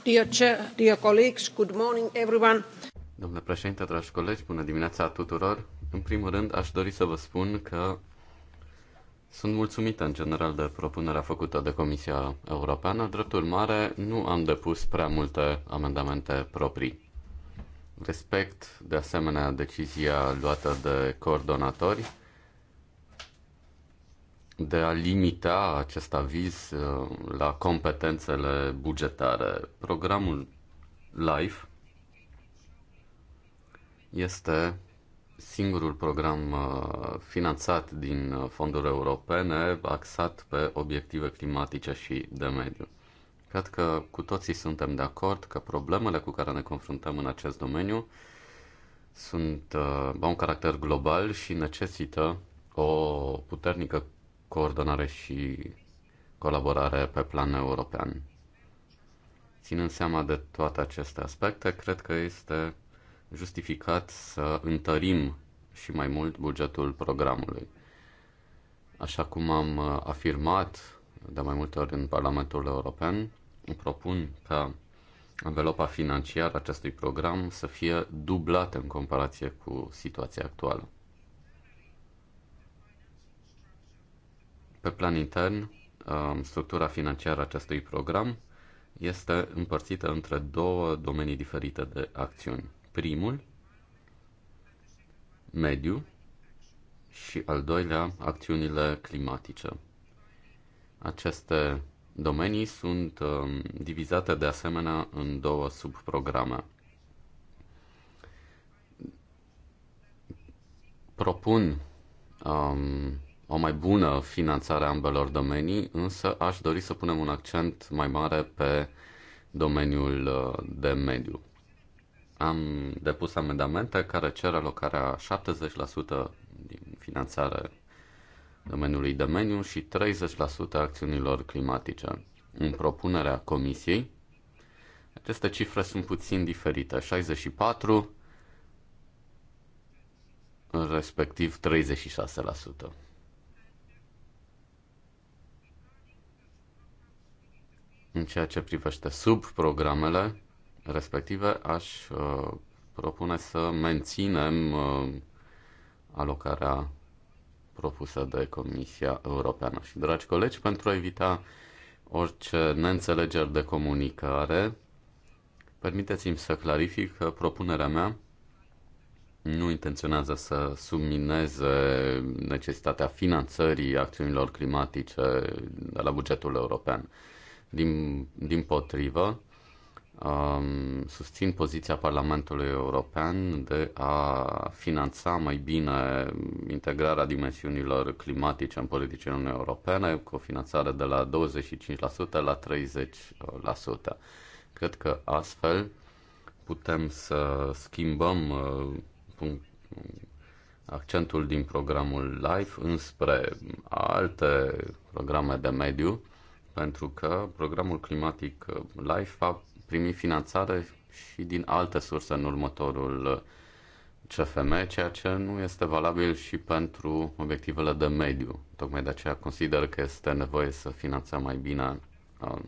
Dear, chair, dear colleagues, good morning everyone.
Domnule președinte, dragi colegi, bună dimineața tuturor. În primul rând, aș dori să vă spun că sunt mulțumită în general de propunerea făcută de Comisia Europeană. Drept urmare, nu am depus prea multe amendamente proprii. Respect, de asemenea, decizia luată de coordonatori de a limita acest aviz uh, la competențele bugetare. Programul LIFE este singurul program uh, finanțat din uh, fonduri europene axat pe obiective climatice și de mediu. Cred că cu toții suntem de acord că problemele cu care ne confruntăm în acest domeniu sunt, uh, au un caracter global și necesită o puternică coordonare și colaborare pe plan european. Ținând seama de toate aceste aspecte, cred că este justificat să întărim și mai mult bugetul programului. Așa cum am uh, afirmat de mai multe ori în Parlamentul European, propun ca Învelopa financiară acestui program să fie dublată în comparație cu situația actuală. Pe plan intern, uh, structura financiară acestui program este împărțită între două domenii diferite de acțiuni. Primul, mediu și al doilea, acțiunile climatice. Aceste domenii sunt um, divizate de asemenea în două subprograme. Propun um, o mai bună finanțare a ambelor domenii, însă aș dori să punem un accent mai mare pe domeniul uh, de mediu am depus amendamente care cer alocarea 70% din finanțare domeniului de meniu și 30% acțiunilor climatice. În propunerea comisiei, aceste cifre sunt puțin diferite. 64, respectiv 36%. În ceea ce privește subprogramele, respective, aș uh, propune să menținem uh, alocarea propusă de Comisia Europeană. Și, dragi colegi, pentru a evita orice neînțelegeri de comunicare, permiteți-mi să clarific că propunerea mea nu intenționează să submineze necesitatea finanțării acțiunilor climatice de la bugetul european. Din, din potrivă, um, susțin poziția Parlamentului European de a finanța mai bine integrarea dimensiunilor climatice în politicile Uniunii Europene cu o finanțare de la 25% la 30%. Cred că astfel putem să schimbăm uh, punct, accentul din programul LIFE înspre alte programe de mediu, pentru că programul climatic uh, LIFE a primi finanțare și din alte surse în următorul uh, CFM, ceea ce nu este valabil și pentru obiectivele de mediu. Tocmai de aceea consider că este nevoie să finanțăm mai bine um,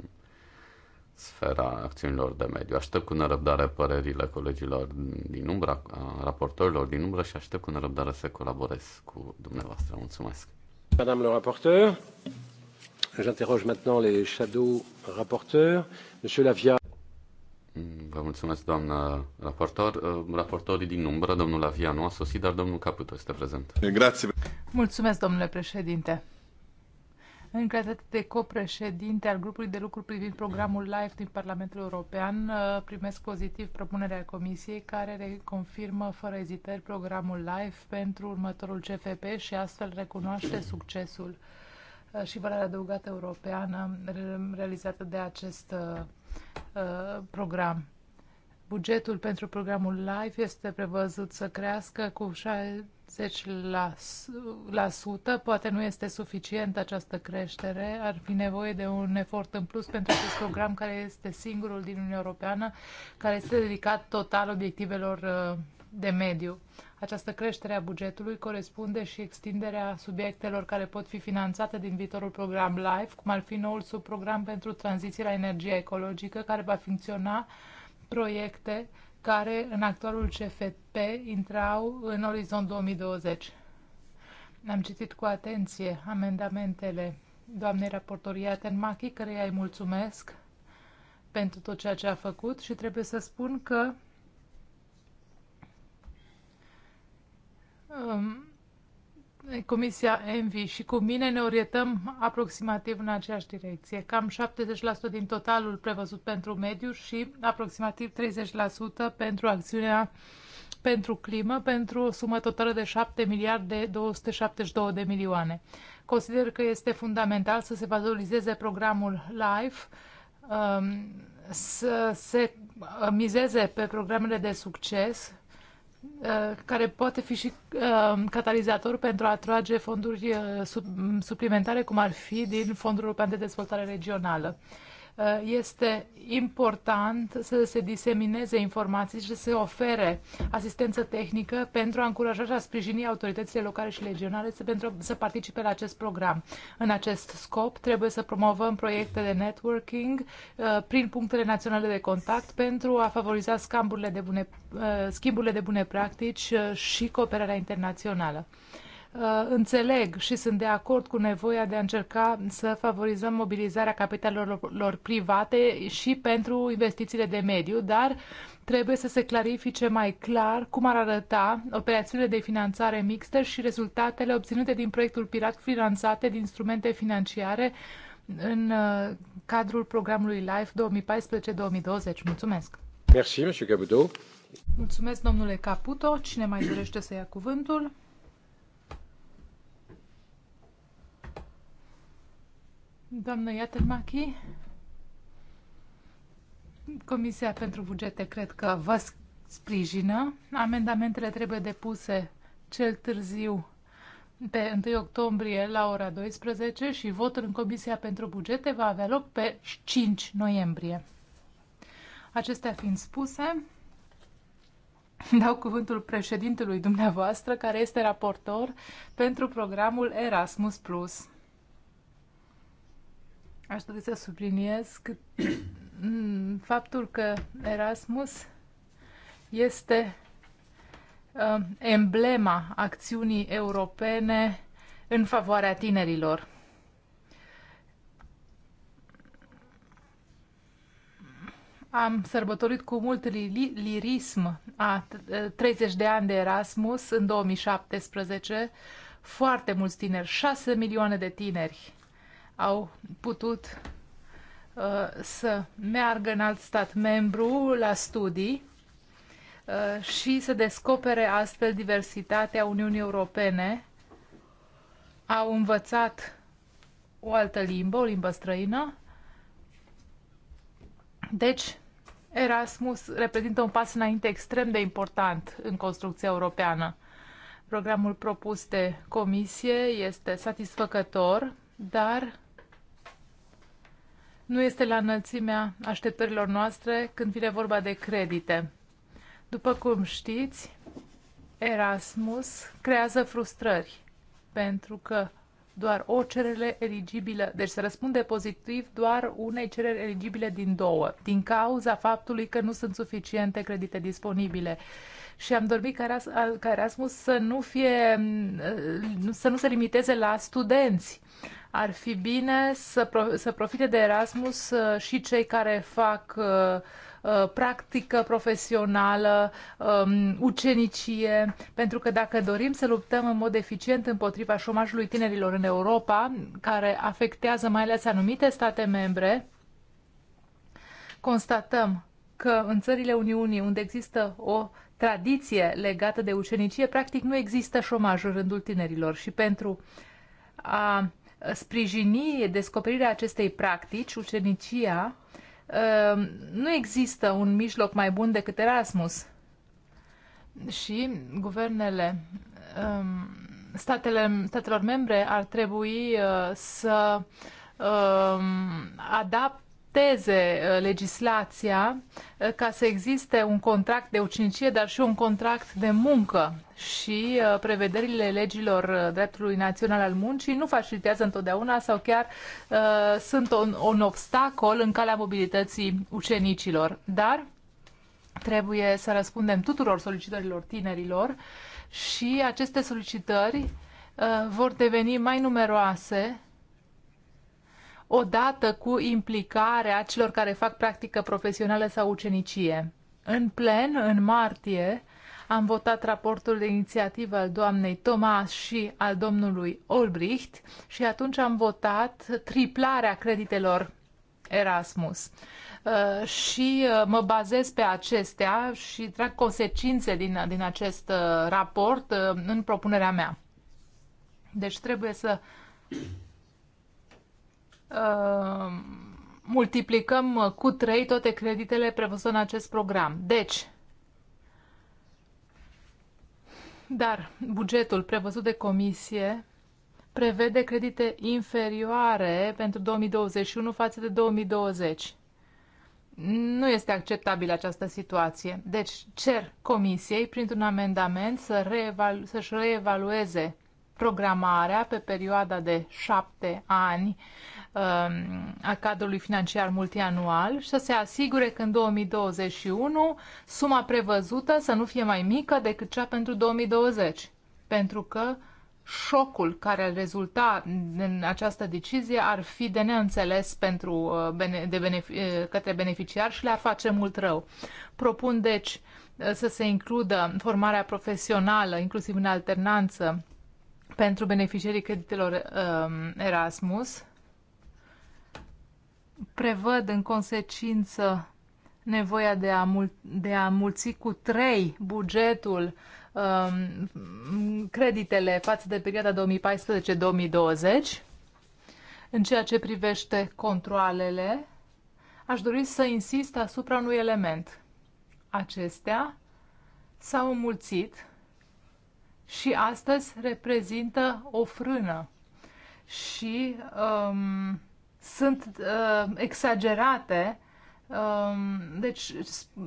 sfera acțiunilor de mediu. Aștept cu nerăbdare părerile colegilor din umbră, raportorilor din umbră și aștept cu nerăbdare să colaborez cu dumneavoastră. Mulțumesc! Madame le rapporteur, j'interroge maintenant les shadow rapporteurs. Monsieur Lavia. Vă mulțumesc, doamnă raportor. Uh, raportorii din umbră, domnul Avia nu a sosit, dar domnul Caputo este prezent. Grație.
Mulțumesc, domnule președinte. În calitate de copreședinte al grupului de lucru privind programul LIFE din Parlamentul European, uh, primesc pozitiv propunerea Comisiei care reconfirmă fără ezitări programul LIFE pentru următorul CFP și astfel recunoaște succesul uh, și valoarea adăugată europeană realizată de acest program. Bugetul pentru programul LIFE este prevăzut să crească cu 60%. Poate nu este suficient această creștere. Ar fi nevoie de un efort în plus pentru acest program care este singurul din Uniunea Europeană care este dedicat total obiectivelor uh, de mediu. Această creștere a bugetului corespunde și extinderea subiectelor care pot fi finanțate din viitorul program LIFE, cum ar fi noul subprogram pentru tranziție la energie ecologică, care va funcționa proiecte care în actualul CFP intrau în orizont 2020. Am citit cu atenție amendamentele doamnei raportor Iaten Machi, care îi mulțumesc pentru tot ceea ce a făcut și trebuie să spun că um, Comisia Envi și cu mine ne orientăm aproximativ în aceeași direcție. Cam 70% din totalul prevăzut pentru mediu și aproximativ 30% pentru acțiunea pentru climă, pentru o sumă totală de 7 miliarde 272 de milioane. Consider că este fundamental să se valorizeze programul LIFE, um, să se uh, mizeze pe programele de succes Uh, care poate fi și uh, catalizator pentru a atrage fonduri uh, suplimentare, cum ar fi din Fondul European de Dezvoltare Regională. Uh, este important să se disemineze informații și să se ofere asistență tehnică pentru a încuraja și a sprijini autoritățile locale și regionale să, pentru, să participe la acest program. În acest scop, trebuie să promovăm proiecte de networking uh, prin punctele naționale de contact pentru a favoriza de bune, uh, schimburile de bune practici și cooperarea internațională. Uh, înțeleg și sunt de acord cu nevoia de a încerca să favorizăm mobilizarea capitalelor private și pentru investițiile de mediu, dar trebuie să se clarifice mai clar cum ar arăta operațiunile de finanțare mixtă și rezultatele obținute din proiectul pirat finanțate din instrumente financiare în uh, cadrul programului LIFE 2014-2020. Mulțumesc! Merci, Mulțumesc, domnule Caputo. Cine mai dorește să ia cuvântul? Doamnă Iatermachi, Comisia pentru Bugete cred că vă sprijină. Amendamentele trebuie depuse cel târziu pe 1 octombrie la ora 12 și votul în Comisia pentru Bugete va avea loc pe 5 noiembrie. Acestea fiind spuse, dau cuvântul președintelui dumneavoastră, care este raportor pentru programul Erasmus+. Aș dori să subliniez că, faptul că Erasmus este uh, emblema acțiunii europene în favoarea tinerilor. Am sărbătorit cu mult lirism a 30 de ani de Erasmus în 2017. Foarte mulți tineri, 6 milioane de tineri au putut uh, să meargă în alt stat membru la studii uh, și să descopere astfel diversitatea Uniunii Europene. Au învățat o altă limbă, o limbă străină. Deci, Erasmus reprezintă un pas înainte extrem de important în construcția europeană. Programul propus de comisie este satisfăcător, dar nu este la înălțimea așteptărilor noastre când vine vorba de credite. După cum știți, Erasmus creează frustrări pentru că doar o cerere eligibilă, deci se răspunde pozitiv doar unei cereri eligibile din două, din cauza faptului că nu sunt suficiente credite disponibile și am dorit ca Erasmus să nu, fie, mm, să nu se limiteze la studenți. Ar fi bine să, pro, să profite de Erasmus uh, și cei care fac uh, uh, practică profesională, um, ucenicie, pentru că dacă dorim să luptăm în mod eficient împotriva șomajului tinerilor în Europa, care afectează mai ales anumite state membre, constatăm că în țările Uniunii, unde există o tradiție legată de ucenicie, practic nu există șomaj în rândul tinerilor și pentru a sprijini descoperirea acestei practici, ucenicia, um, nu există un mijloc mai bun decât Erasmus. Și guvernele um, statele, statelor membre ar trebui uh, să um, adapte adapteze uh, legislația uh, ca să existe un contract de ucinicie, dar și un contract de muncă. Și uh, prevederile legilor dreptului național al muncii nu facilitează întotdeauna sau chiar uh, sunt un, un obstacol în calea mobilității ucenicilor. Dar trebuie să răspundem tuturor solicitărilor tinerilor și aceste solicitări uh, vor deveni mai numeroase odată cu implicarea celor care fac practică profesională sau ucenicie. În plen, în martie, am votat raportul de inițiativă al doamnei Thomas și al domnului Olbricht și atunci am votat triplarea creditelor Erasmus. Uh, și uh, mă bazez pe acestea și trag consecințe din, din acest uh, raport în propunerea mea. Deci trebuie să Uh, multiplicăm uh, cu 3 toate creditele prevăzute în acest program. Deci, dar bugetul prevăzut de comisie prevede credite inferioare pentru 2021 față de 2020. Nu este acceptabilă această situație. Deci cer comisiei, printr-un amendament, să reevalu- să reevalueze programarea pe perioada de șapte ani Um, a cadrului financiar multianual și să se asigure că în 2021 suma prevăzută să nu fie mai mică decât cea pentru 2020, pentru că șocul care ar rezulta din această decizie ar fi de neînțeles pentru, uh, de benefic, uh, către beneficiar și le-ar face mult rău. Propun deci uh, să se includă formarea profesională, inclusiv în alternanță, pentru beneficiarii creditelor um, Erasmus, prevăd în consecință nevoia de a, mul- de a mulți cu trei bugetul um, creditele față de perioada 2014-2020. În ceea ce privește controlele, aș dori să insist asupra unui element. Acestea s-au înmulțit și astăzi reprezintă o frână și um, sunt uh, exagerate. Uh, deci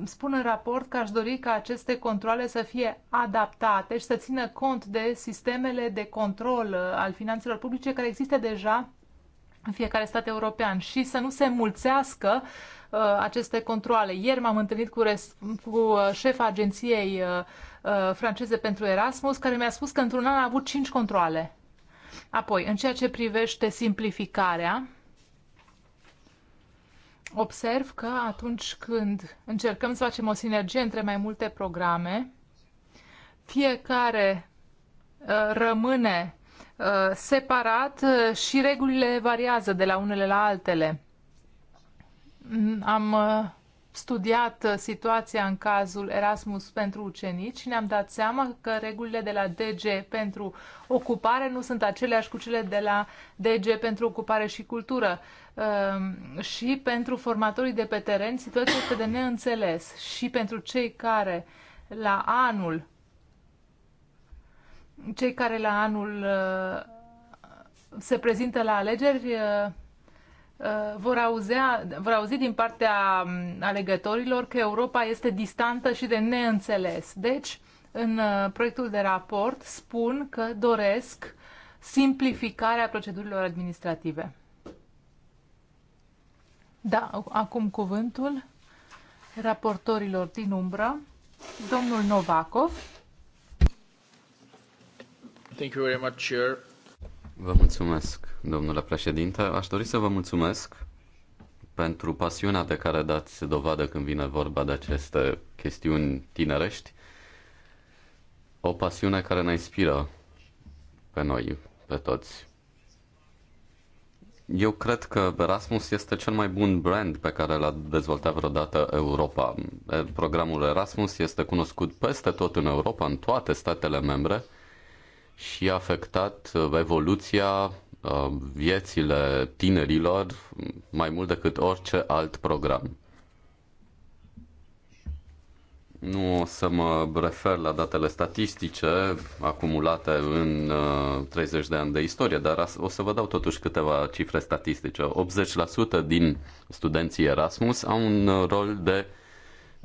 spun în raport că aș dori ca aceste controle să fie adaptate și să țină cont de sistemele de control uh, al finanțelor publice care există deja în fiecare stat european și să nu se mulțească uh, aceste controle. Ieri m-am întâlnit cu, res- cu uh, șefa agenției uh, uh, franceze pentru Erasmus, care mi-a spus că într-un an a avut cinci controle. Apoi, în ceea ce privește simplificarea, observ că atunci când încercăm să facem o sinergie între mai multe programe, fiecare uh, rămâne uh, separat uh, și regulile variază de la unele la altele. Mm, am studiat uh, situația în cazul Erasmus pentru ucenici și ne-am dat seama că regulile de la DG pentru ocupare nu sunt aceleași cu cele de la DG pentru ocupare și cultură. Um, și pentru formatorii de pe teren, situația este de neînțeles. Și pentru cei care la anul cei care la anul uh, se prezintă la alegeri uh, Uh, vor, auzea, vor auzi din partea um, alegătorilor că Europa este distantă și de neînțeles. Deci, în uh, proiectul de raport spun că doresc simplificarea procedurilor administrative. Da, acum cuvântul raportorilor din umbră, domnul Novakov.
Thank you very much, Chair. Vă mulțumesc, domnule președinte. Aș dori să vă mulțumesc pentru pasiunea de care dați dovadă când vine vorba de aceste chestiuni tinerești. O pasiune care ne inspiră pe noi, pe toți. Eu cred că Erasmus este cel mai bun brand pe care l-a dezvoltat vreodată Europa. Programul Erasmus este cunoscut peste tot în Europa, în toate statele membre – și a afectat uh, evoluția uh, viețile tinerilor mai mult decât orice alt program. Nu o să mă refer la datele statistice acumulate în 30 uh, de ani de istorie, dar o să vă dau totuși câteva cifre statistice. 80% din studenții Erasmus au un rol de uh,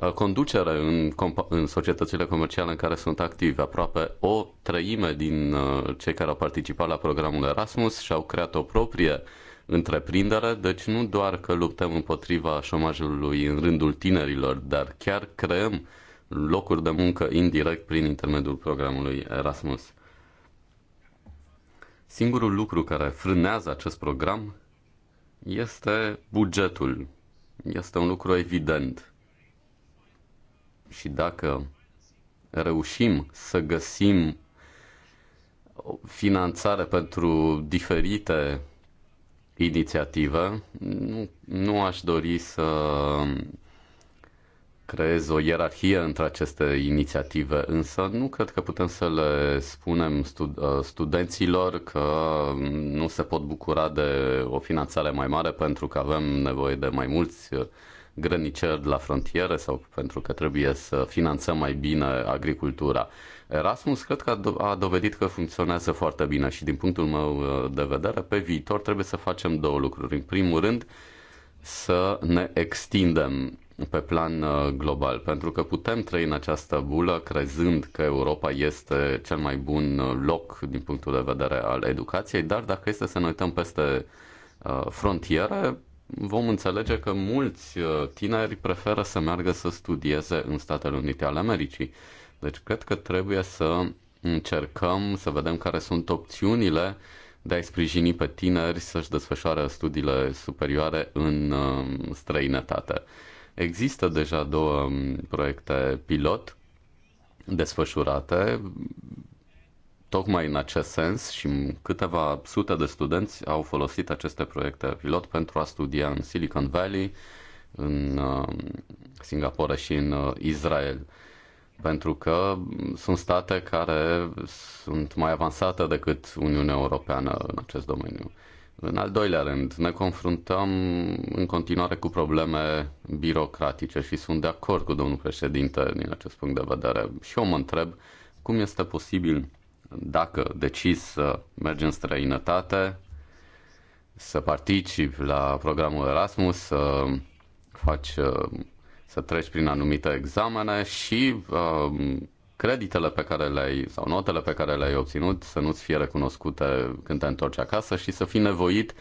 Uh, conducere în, în societățile comerciale în care sunt active. Aproape o treime din uh, cei care au participat la programul Erasmus și-au creat o proprie întreprindere, deci nu doar că luptăm împotriva șomajului în rândul tinerilor, dar chiar creăm locuri de muncă indirect prin intermediul programului Erasmus. Singurul lucru care frânează acest program este bugetul. Este un lucru evident și dacă reușim să găsim finanțare pentru diferite inițiative, nu, nu aș dori să creez o ierarhie între aceste inițiative, însă nu cred că putem să le spunem stud- uh, studenților că nu se pot bucura de o finanțare mai mare pentru că avem nevoie de mai mulți uh, grăniceri la frontiere sau pentru că trebuie să finanțăm mai bine agricultura. Erasmus cred că a dovedit că funcționează foarte bine și din punctul meu uh, de vedere, pe viitor trebuie să facem două lucruri. În primul rând, să ne extindem pe plan uh, global, pentru că putem trăi în această bulă crezând că Europa este cel mai bun uh, loc din punctul de vedere al educației, dar dacă este să ne uităm peste frontiere, vom înțelege că mulți uh, tineri preferă să meargă să studieze în Statele Unite ale Americii. Deci cred că trebuie să încercăm să vedem care sunt opțiunile de a-i sprijini pe tineri să-și desfășoare studiile superioare în uh, străinătate. Există deja două um, proiecte pilot desfășurate Tocmai în acest sens și câteva sute de studenți au folosit aceste proiecte pilot pentru a studia în Silicon Valley, în uh, Singapore și în uh, Israel. Pentru că sunt state care sunt mai avansate decât Uniunea Europeană în acest domeniu. În al doilea rând, ne confruntăm în continuare cu probleme birocratice și sunt de acord cu domnul președinte din acest punct de vedere. Și eu mă întreb cum este posibil dacă decizi să mergi în străinătate, să participi la programul Erasmus, să faci, să treci prin anumite examene și uh, creditele pe care le-ai sau notele pe care le-ai obținut să nu-ți fie recunoscute când te întorci acasă și să fii nevoit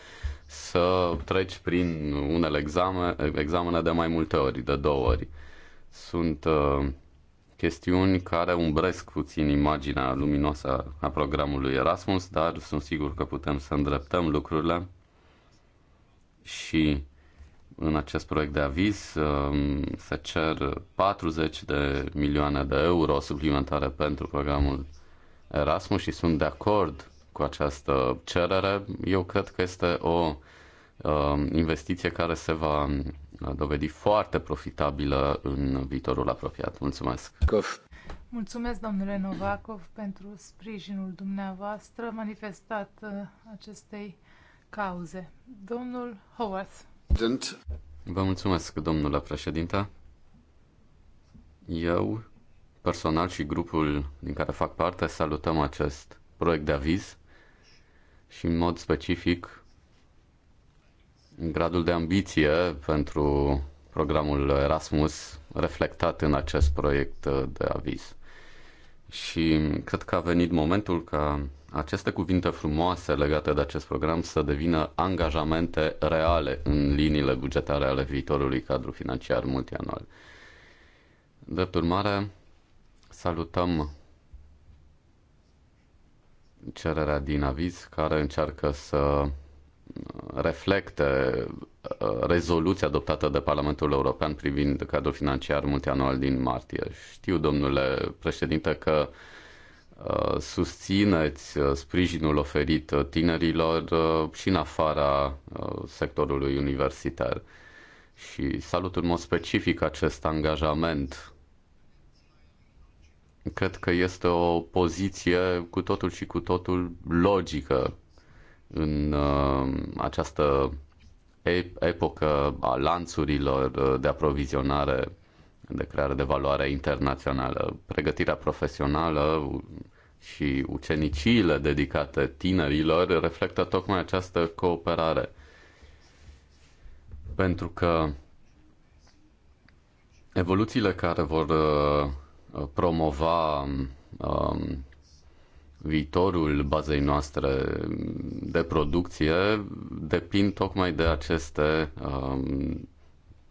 să treci prin unele examene, examene de mai multe ori, de două ori. Sunt uh, chestiuni care umbresc puțin imaginea luminoasă a programului Erasmus, dar sunt sigur că putem să îndreptăm lucrurile și în acest proiect de aviz um, se cer 40 de milioane de euro suplimentare pentru programul Erasmus și sunt de acord cu această cerere. Eu cred că este o Um, investiție care se va uh, dovedi foarte profitabilă în viitorul apropiat. Mulțumesc! Cof.
Mulțumesc, domnule Novakov, pentru sprijinul dumneavoastră manifestat uh, acestei cauze. Domnul Howard.
Vă mulțumesc, domnule președinte. Eu, personal și grupul din care fac parte, salutăm acest proiect de aviz și, în mod specific, gradul de ambiție pentru programul Erasmus reflectat în acest proiect de aviz. Și cred că a venit momentul ca aceste cuvinte frumoase legate de acest program să devină angajamente reale în liniile bugetare ale viitorului cadru financiar multianual. Drept urmare, salutăm cererea din aviz care încearcă să reflecte uh, rezoluția adoptată de Parlamentul European privind cadrul financiar multianual din martie. Știu, domnule președinte, că uh, susțineți uh, sprijinul oferit tinerilor și în afara sectorului universitar. Și salut în mod specific acest angajament. Cred că este o poziție cu totul și cu totul logică în uh, această epocă a lanțurilor uh, de aprovizionare, de creare de valoare internațională. Pregătirea profesională și uceniciile dedicate tinerilor reflectă tocmai această cooperare. Pentru că evoluțiile care vor uh, promova um, viitorul bazei noastre de producție depind tocmai de aceste um,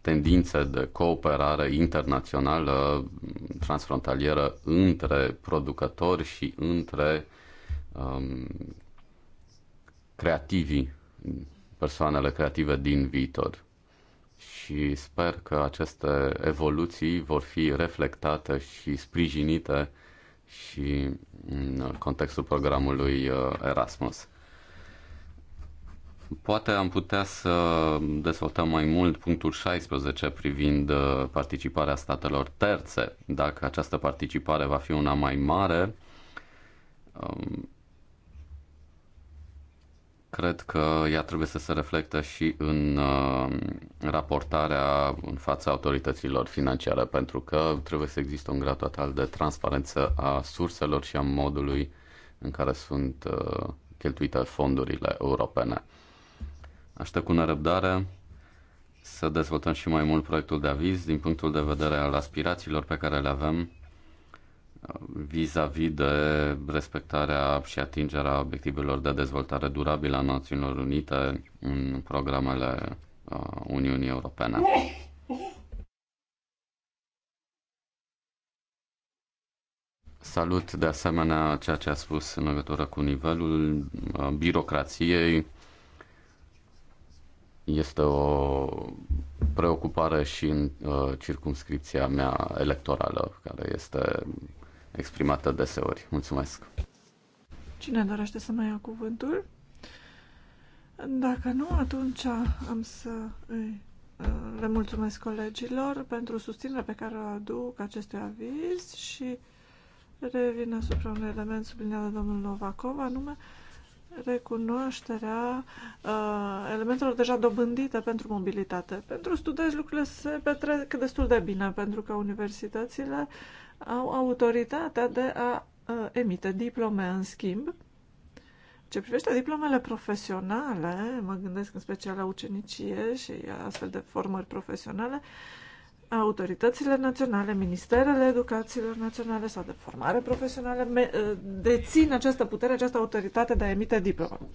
tendințe de cooperare internațională transfrontalieră între producători și între um, creativii, persoanele creative din viitor. Și sper că aceste evoluții vor fi reflectate și sprijinite și în contextul programului uh, Erasmus. Poate am putea să dezvoltăm mai mult punctul 16 privind uh, participarea statelor terțe. Dacă această participare va fi una mai mare, um, Cred că ea trebuie să se reflectă și în uh, raportarea în fața autorităților financiare, pentru că trebuie să existe un grad total de transparență a surselor și a modului în care sunt uh, cheltuite fondurile europene. Aștept cu nerăbdare să dezvoltăm și mai mult proiectul de aviz din punctul de vedere al aspirațiilor pe care le avem vis-a-vis -vis de respectarea și atingerea obiectivelor de dezvoltare durabilă a Națiunilor Unite în programele uh, Uniunii Europene. Salut de asemenea ceea ce a spus în legătură cu nivelul uh, birocrației. Este o preocupare și în uh, circumscripția mea electorală, care este exprimat adeseori Mulțumesc!
Cine dorește să mai ia cuvântul? Dacă nu, atunci am să îi uh, le mulțumesc colegilor pentru susținerea pe care o aduc acestui aviz și revin asupra unui element subliniat de domnul Novakov, anume recunoașterea uh, elementelor deja dobândite pentru mobilitate. Pentru studenți lucrurile se petrec destul de bine, pentru că universitățile uh, au autoritatea de a emite diplome în schimb. Ce privește diplomele profesionale, mă gândesc în special la ucenicie și astfel de formări profesionale, autoritățile naționale, ministerele educațiilor naționale sau de formare profesională ă, dețin această putere, această autoritate de a emite diplome.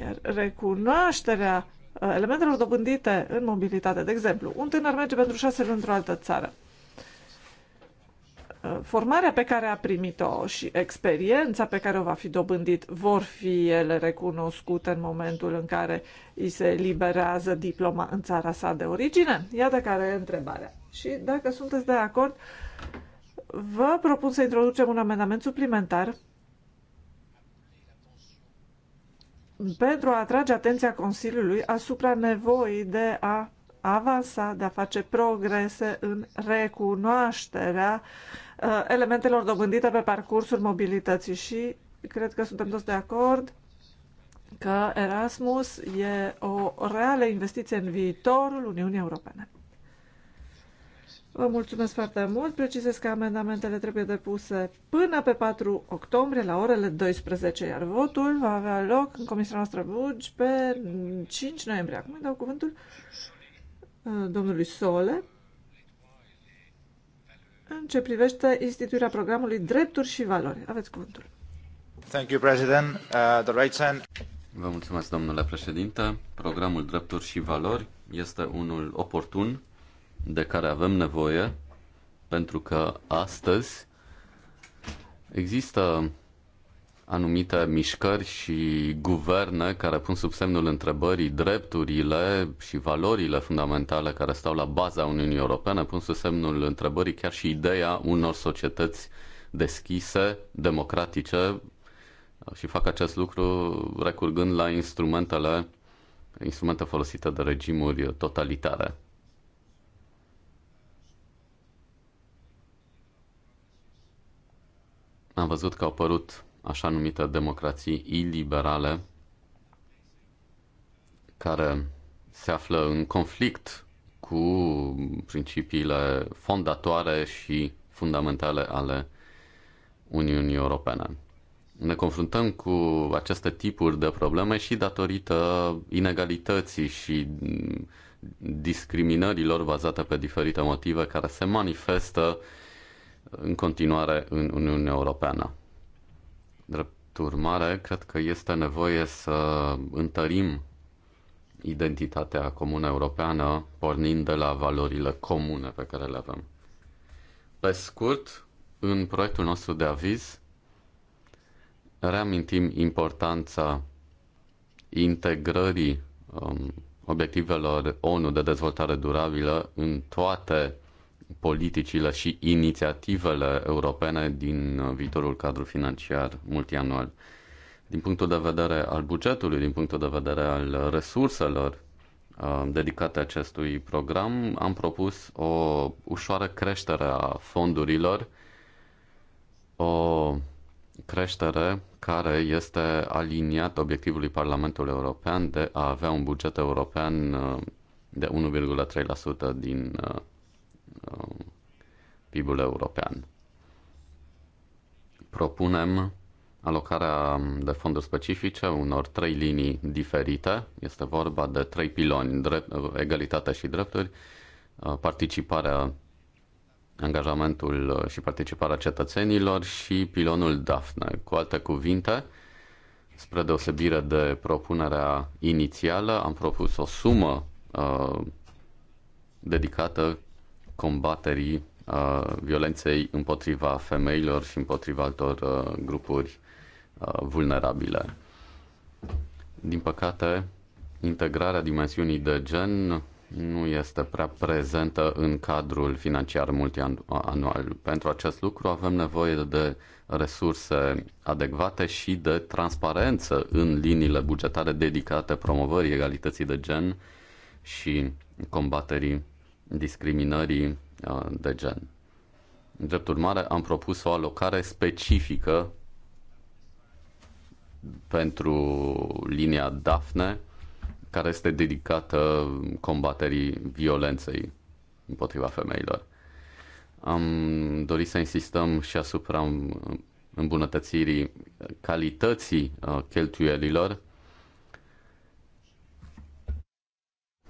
Iar recunoașterea ă, elementelor dobândite în mobilitate, de exemplu, un tânăr merge pentru șase luni într-o altă țară formarea pe care a primit-o și experiența pe care o va fi dobândit vor fi ele recunoscute în momentul în care îi se eliberează diploma în țara sa de origine? Iată care e întrebarea. Și dacă sunteți de acord, vă propun să introducem un amendament suplimentar pentru a atrage atenția Consiliului asupra nevoii de a avansa, de a face progrese în recunoașterea uh, Uh, elementelor dobândite pe parcursul mobilității și cred că suntem toți de acord că Erasmus e o reală investiție în viitorul Uniunii Europene. Vă mulțumesc foarte mult. Precizez că amendamentele trebuie depuse până pe 4 octombrie la orele 12, iar votul va avea loc în Comisia noastră Bugi pe 5 noiembrie. Acum îi dau cuvântul uh, domnului Sole în ce privește instituirea programului Drepturi și Valori. Aveți cuvântul.
Thank you, President. Uh, the right hand. Vă mulțumesc, domnule președinte. Programul Drepturi și Valori este unul oportun de care avem nevoie pentru că astăzi există anumite mișcări și guverne care pun sub semnul întrebării drepturile și valorile fundamentale care stau la baza Uniunii Europene, pun sub semnul întrebării chiar și ideea unor societăți deschise, democratice și fac acest lucru recurgând la instrumentele instrumente folosite de regimuri totalitare. Am văzut că au apărut așa numite democrații iliberale care se află în conflict cu principiile fondatoare și fundamentale ale Uniunii Europene. Ne confruntăm cu aceste tipuri de probleme și datorită inegalității și discriminărilor bazate pe diferite motive care se manifestă în continuare în Uniunea Europeană. Drept urmare, cred că este nevoie să întărim identitatea comună europeană pornind de la valorile comune pe care le avem. Pe scurt, în proiectul nostru de aviz reamintim importanța integrării um, obiectivelor ONU de dezvoltare durabilă în toate politicile și inițiativele europene din viitorul cadru financiar multianual. Din punctul de vedere al bugetului, din punctul de vedere al resurselor uh, dedicate acestui program, am propus o ușoară creștere a fondurilor, o creștere care este aliniată obiectivului Parlamentului European de a avea un buget european uh, de 1,3% din uh, Um, PIB-ul european. Propunem alocarea de fonduri specifice unor trei linii diferite. Este vorba de trei piloni, drept, egalitate și drepturi, uh, participarea, angajamentul și participarea cetățenilor și pilonul DAFNE. Cu alte cuvinte, spre deosebire de propunerea inițială, am propus o sumă uh, dedicată combaterii uh, violenței împotriva femeilor și împotriva altor uh, grupuri uh, vulnerabile. Din păcate, integrarea dimensiunii de gen nu este prea prezentă în cadrul financiar multianual. Pentru acest lucru avem nevoie de resurse adecvate și de transparență în liniile bugetare dedicate promovării egalității de gen și combaterii discriminării uh, de gen. Drept urmare, am propus o alocare specifică pentru linia DAFNE, care este dedicată combaterii violenței împotriva femeilor. Am dorit să insistăm și asupra îmbunătățirii calității uh, cheltuielilor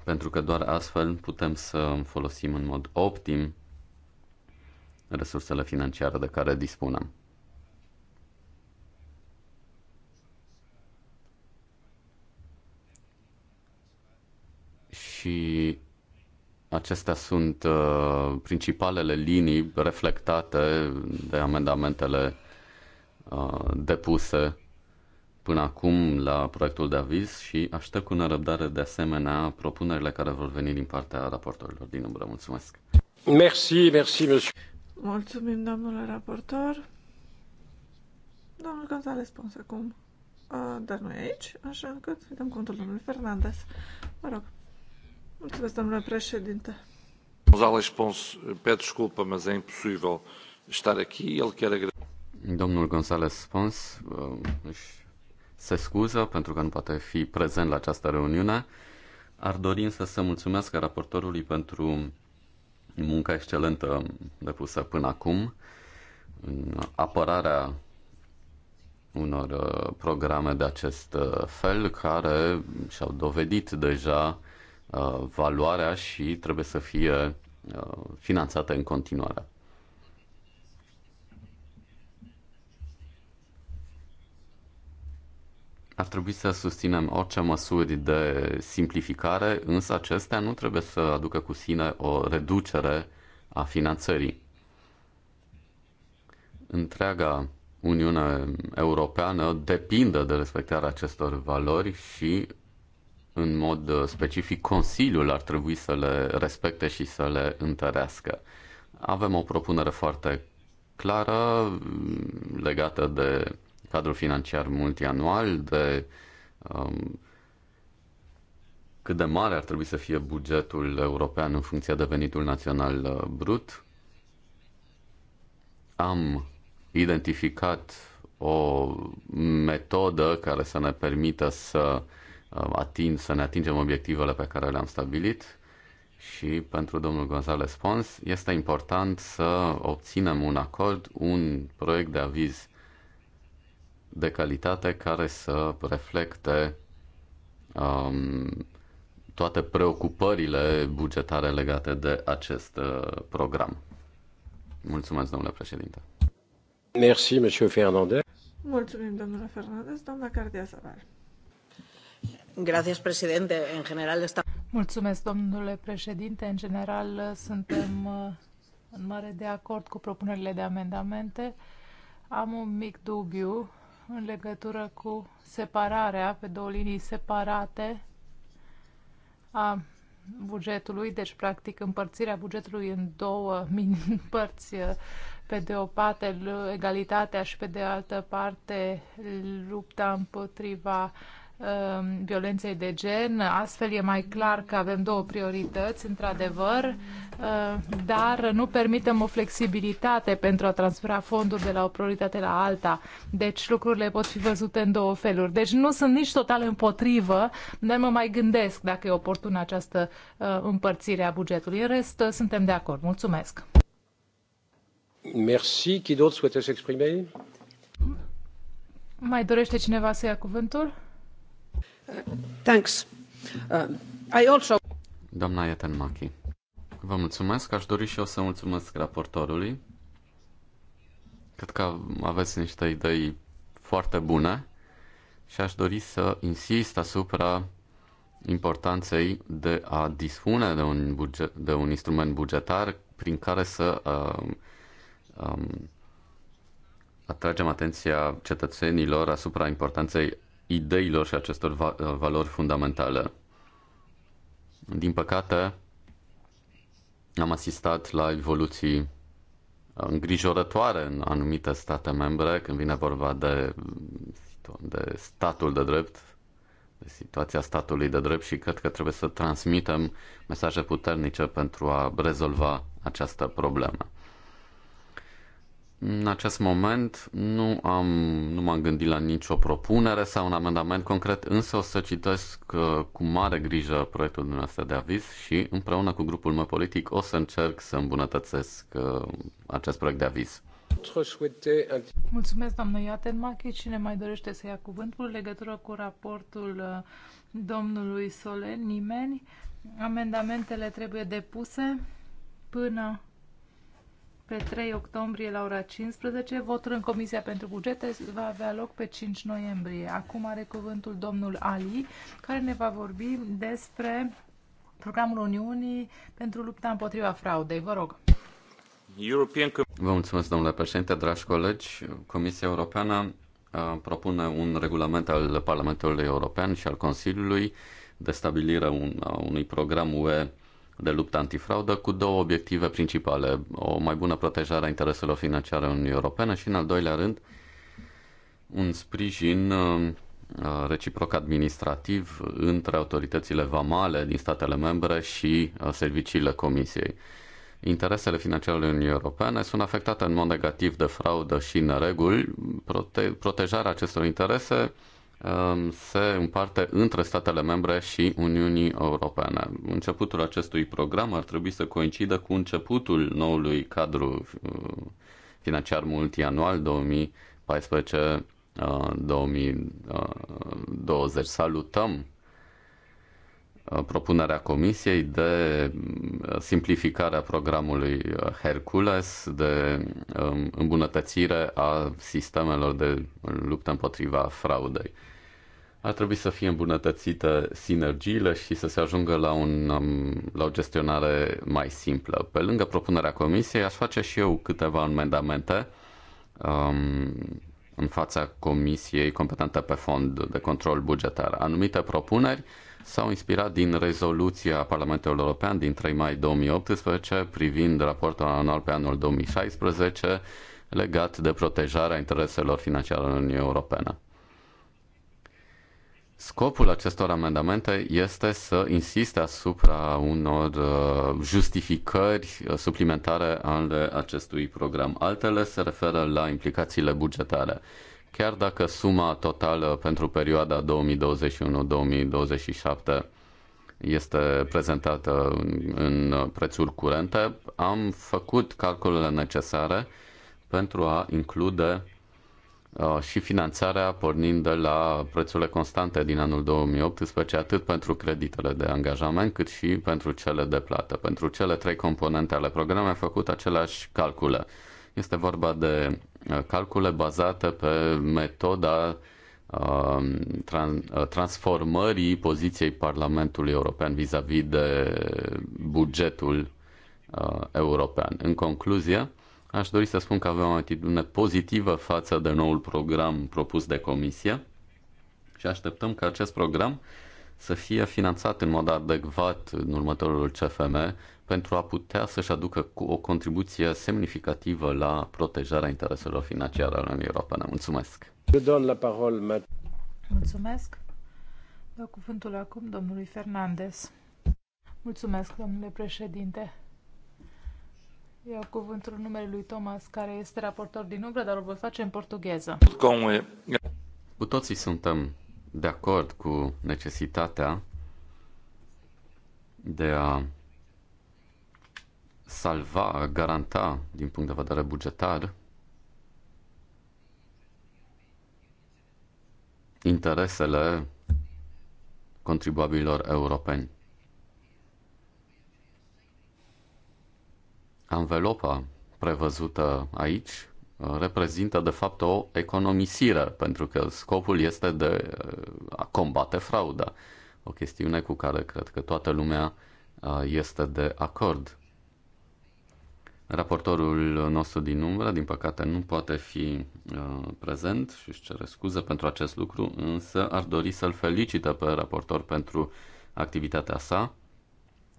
pentru că doar astfel putem să folosim în mod optim resursele financiare de care dispunem. Și acestea sunt uh, principalele linii reflectate de amendamentele uh, depuse până acum la proiectul de aviz și aștept cu nerăbdare de asemenea propunerile care vor veni din partea raportorilor din umbră. Mulțumesc! Merci, merci, monsieur.
Mulțumim, domnule raportor. Domnul González Pons acum, uh, dar nu e aici, așa încât îi dăm contul domnului Fernandez. Mă rog. Mulțumesc, domnule președinte.
González Pons, pe desculpă, mă é imposibil estar aici. El chiar Domnul González Pons uh, își se scuză pentru că nu poate fi prezent la această reuniune. Ar dori însă să mulțumesc raportorului pentru munca excelentă depusă până acum în apărarea unor uh, programe de acest uh, fel care și-au dovedit deja uh, valoarea și trebuie să fie finanțate în continuare. Ar trebui să susținem orice măsuri de simplificare, însă acestea nu trebuie să aducă cu sine o reducere a finanțării. Întreaga Uniune Europeană depinde de respectarea acestor valori și, în mod specific, Consiliul ar trebui să le respecte și să le întărească. Avem o propunere foarte clară legată de cadru financiar multianual, de um, cât de mare ar trebui să fie bugetul european în funcție de venitul național uh, brut. Am identificat o metodă care să ne permită să, uh, ating, să ne atingem obiectivele pe care le-am stabilit și pentru domnul González Pons este important să obținem un acord, un proiect de aviz de calitate care să reflecte um, toate preocupările bugetare legate de acest uh, program. Mulțumesc, domnule președinte. Merci, monsieur Fernandez.
Mulțumim, domnule Fernandez. Doamna Cardia Savar.
Gracias, presidente. En general, está... Mulțumesc, domnule președinte. În general, suntem uh, în mare de acord cu propunerile de amendamente. Am un mic dubiu în legătură cu separarea pe două linii separate a bugetului, deci practic împărțirea bugetului în două părți, pe de o parte egalitatea și pe de altă parte lupta împotriva uh, Um, violenței de gen. Astfel e mai clar că avem două priorități, într-adevăr, uh, dar nu permitem o flexibilitate pentru a transfera fonduri de la o prioritate la alta. Deci lucrurile pot fi văzute în două feluri. Deci nu sunt nici total împotrivă, dar mă mai gândesc dacă e oportună această uh, împărțire a bugetului. În rest, uh, suntem de acord. Mulțumesc!
Merci. Qui d'autre souhaitait s'exprimer?
Mai dorește cineva să ia cuvântul? Thanks. Uh, I also...
Doamna vă mulțumesc. Aș dori și eu să mulțumesc raportorului. Cred că aveți niște idei foarte bune și aș dori să insist asupra importanței de a dispune de un, buget, de un instrument bugetar prin care să um, um, atragem atenția cetățenilor asupra importanței ideilor și acestor va- uh, valori fundamentale. Din păcate, am asistat la evoluții îngrijorătoare în anumite state membre când vine vorba de, de statul de drept, de situația statului de drept și cred că trebuie să transmitem mesaje puternice pentru a rezolva această problemă. În acest moment nu, am, nu m-am gândit la nicio propunere sau un amendament concret, însă o să citesc uh, cu mare grijă proiectul dumneavoastră de aviz și împreună cu grupul meu politic o să încerc să îmbunătățesc uh, acest proiect de aviz.
Mulțumesc, doamnă Iatenmache. Cine mai dorește să ia cuvântul legătură cu raportul uh, domnului Solen? Nimeni? Amendamentele trebuie depuse până pe 3 octombrie la ora 15. Votul în Comisia pentru Bugete va avea loc pe 5 noiembrie. Acum are cuvântul domnul Ali, care ne va vorbi despre programul Uniunii pentru lupta împotriva fraudei. Vă rog.
European... Vă mulțumesc, domnule președinte, dragi colegi. Comisia Europeană uh, propune un regulament al Parlamentului European și al Consiliului de stabilire un, a unui program UE de luptă antifraudă cu două obiective principale. O mai bună protejare a intereselor financiare în Uniunea Europeană și, în al doilea rând, un sprijin uh, reciproc administrativ între autoritățile vamale din statele membre și uh, serviciile Comisiei. Interesele financiare ale Uniunii Europene sunt afectate în mod negativ de fraudă și nereguli. Prote- protejarea acestor interese Um, se împarte între statele membre și Uniunii Europene. Începutul acestui program ar trebui să coincidă cu începutul noului cadru uh, financiar multianual 2014-2020. Uh, uh, Salutăm propunerea Comisiei de simplificarea programului Hercules, de um, îmbunătățire a sistemelor de luptă împotriva fraudei ar trebui să fie îmbunătățită sinergiile și să se ajungă la, un, um, la o gestionare mai simplă. Pe lângă propunerea comisiei, aș face și eu câteva amendamente um, în fața comisiei competente pe fond de control bugetar. Anumite propuneri s-au inspirat din rezoluția Parlamentului European din 3 mai 2018 privind raportul anual pe anul 2016 legat de protejarea intereselor financiare ale Uniunii Europene. Scopul acestor amendamente este să insiste asupra unor uh, justificări uh, suplimentare ale acestui program. Altele se referă la implicațiile bugetare. Chiar dacă suma totală pentru perioada 2021-2027 este prezentată în prețuri curente, am făcut calculele necesare pentru a include Uh, și finanțarea pornind de la prețurile constante din anul 2018, atât pentru creditele de angajament, cât și pentru cele de plată. Pentru cele trei componente ale programului am făcut aceleași calcule. Este vorba de uh, calcule bazate pe metoda uh, transformării poziției Parlamentului European vis-a-vis -vis de bugetul european. În concluzie, Aș dori să spun că avem o atitudine pozitivă față de noul program propus de comisie și așteptăm ca acest program să fie finanțat în mod adecvat în următorul CFM pentru a putea să-și aducă o contribuție semnificativă la protejarea intereselor financiare ale Uniunii Europene. Mulțumesc!
Mulțumesc! Dau cuvântul acum domnului Fernandez. Mulțumesc, domnule președinte! Eu cuvântul numele lui Thomas, care este raportor din umbră, dar o voi face în portugheză.
Cu toții suntem de acord cu necesitatea de a salva, a garanta, din punct de vedere bugetar, interesele contribuabililor europeni. Anvelopa prevăzută aici uh, reprezintă de fapt o economisire, pentru că scopul este de uh, a combate frauda. O chestiune cu care cred că toată lumea uh, este de acord. Raportorul nostru din umbră, din păcate, nu poate fi uh, prezent și își cere scuze pentru acest lucru, însă ar dori să-l felicită pe raportor pentru activitatea sa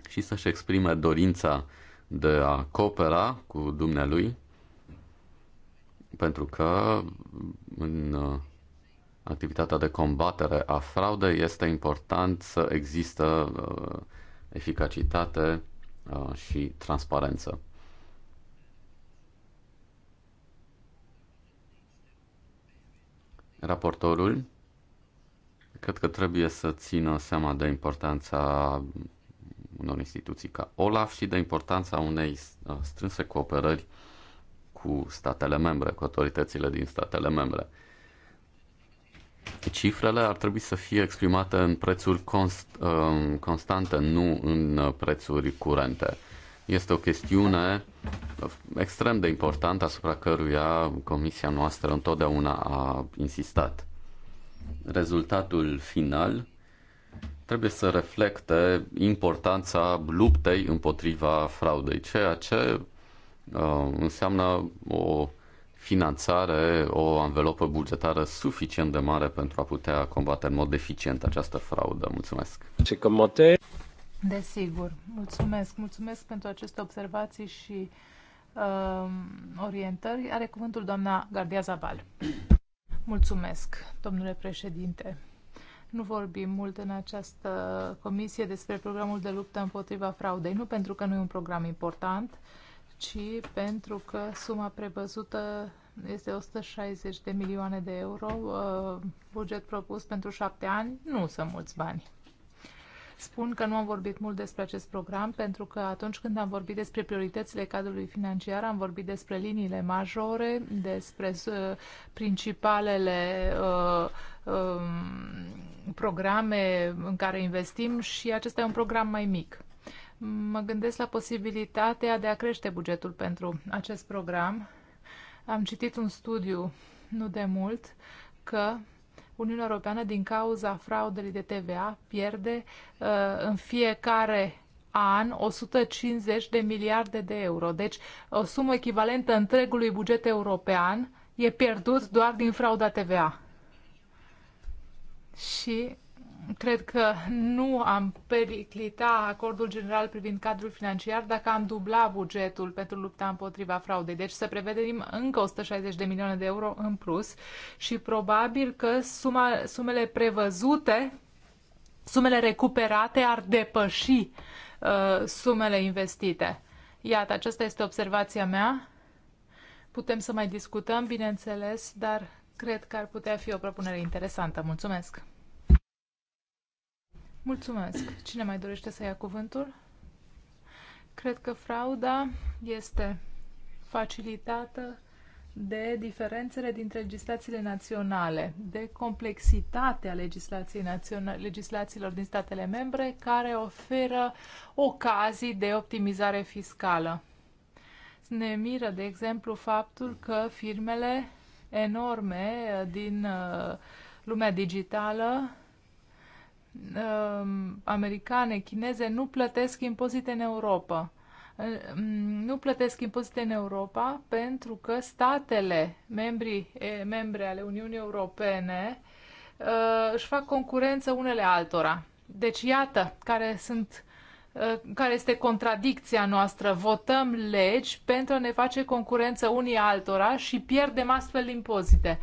și să-și exprime dorința uh, de a coopera cu dumnealui, pentru că în uh, activitatea de combatere a fraudei este important să există uh, eficacitate uh, și transparență. Raportorul cred că trebuie să țină seama de importanța unor instituții ca OLAF și de importanța unei uh, strânse cooperări cu statele membre, cu autoritățile din statele membre. Cifrele ar trebui să fie exprimate în prețuri const, uh, constante, nu în uh, prețuri curente. Este o chestiune extrem de importantă asupra căruia comisia noastră întotdeauna a insistat. Rezultatul final trebuie să reflecte importanța luptei împotriva fraudei, ceea ce uh, înseamnă o finanțare, o anvelopă bugetară suficient de mare pentru a putea combate în mod eficient această fraudă. Mulțumesc!
Desigur, mulțumesc! Mulțumesc pentru aceste observații și uh, orientări. Are cuvântul doamna Gardia Zabal. Mulțumesc, domnule președinte. Nu vorbim mult în această comisie despre programul de luptă împotriva fraudei, nu pentru că nu e un program important, ci pentru că suma prevăzută este 160 de milioane de euro, uh, buget propus pentru șapte ani, nu sunt mulți bani. Spun că nu am vorbit mult despre acest program pentru că atunci când am vorbit despre prioritățile cadrului financiar, am vorbit despre liniile majore, despre uh, principalele uh, Um, programe în care investim și acesta e un program mai mic. Mă gândesc la posibilitatea de a crește bugetul pentru acest program. Am citit un studiu nu de mult că Uniunea Europeană, din cauza fraudelor de TVA, pierde uh, în fiecare an 150 de miliarde de euro. Deci o sumă echivalentă întregului buget european e pierdut doar din frauda TVA și cred că nu am periclita acordul general privind cadrul financiar dacă am dubla bugetul pentru lupta împotriva fraudei. Deci să prevedem încă 160 de milioane de euro în plus și probabil că suma, sumele prevăzute, sumele recuperate ar depăși uh, sumele investite. Iată, aceasta este observația mea. Putem să mai discutăm, bineînțeles, dar Cred că ar putea fi o propunere interesantă. Mulțumesc! Mulțumesc! Cine mai dorește să ia cuvântul? Cred că frauda este facilitată de diferențele dintre legislațiile naționale, de complexitatea legislației naționale, legislațiilor din statele membre care oferă ocazii de optimizare fiscală. Ne miră, de exemplu, faptul că firmele enorme uh, din uh, lumea digitală, uh, americane, chineze, nu plătesc impozite în Europa. Mm, nu plătesc impozite în Europa pentru că statele, membrii, membre ale Uniunii Europene, își fac concurență unele altora. Deci iată care sunt Uh, care este contradicția noastră. Votăm legi pentru a ne face concurență unii altora și pierdem astfel impozite.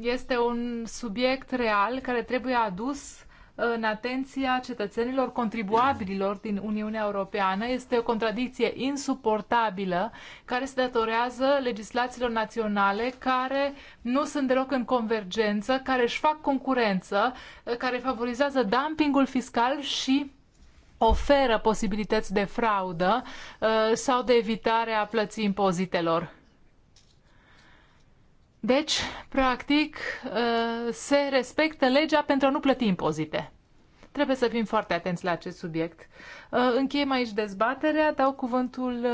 Este un subiect real care trebuie adus uh, în atenția cetățenilor contribuabililor din Uniunea Europeană. Este o contradicție insuportabilă care se datorează legislațiilor naționale care nu sunt deloc în convergență, care își fac concurență, uh, care favorizează dumpingul fiscal și oferă posibilități de fraudă uh, sau de evitare a plății impozitelor. Deci, practic, uh, se respectă legea pentru a nu plăti impozite. Trebuie să fim foarte atenți la acest subiect. Uh, încheiem aici dezbaterea, dau cuvântul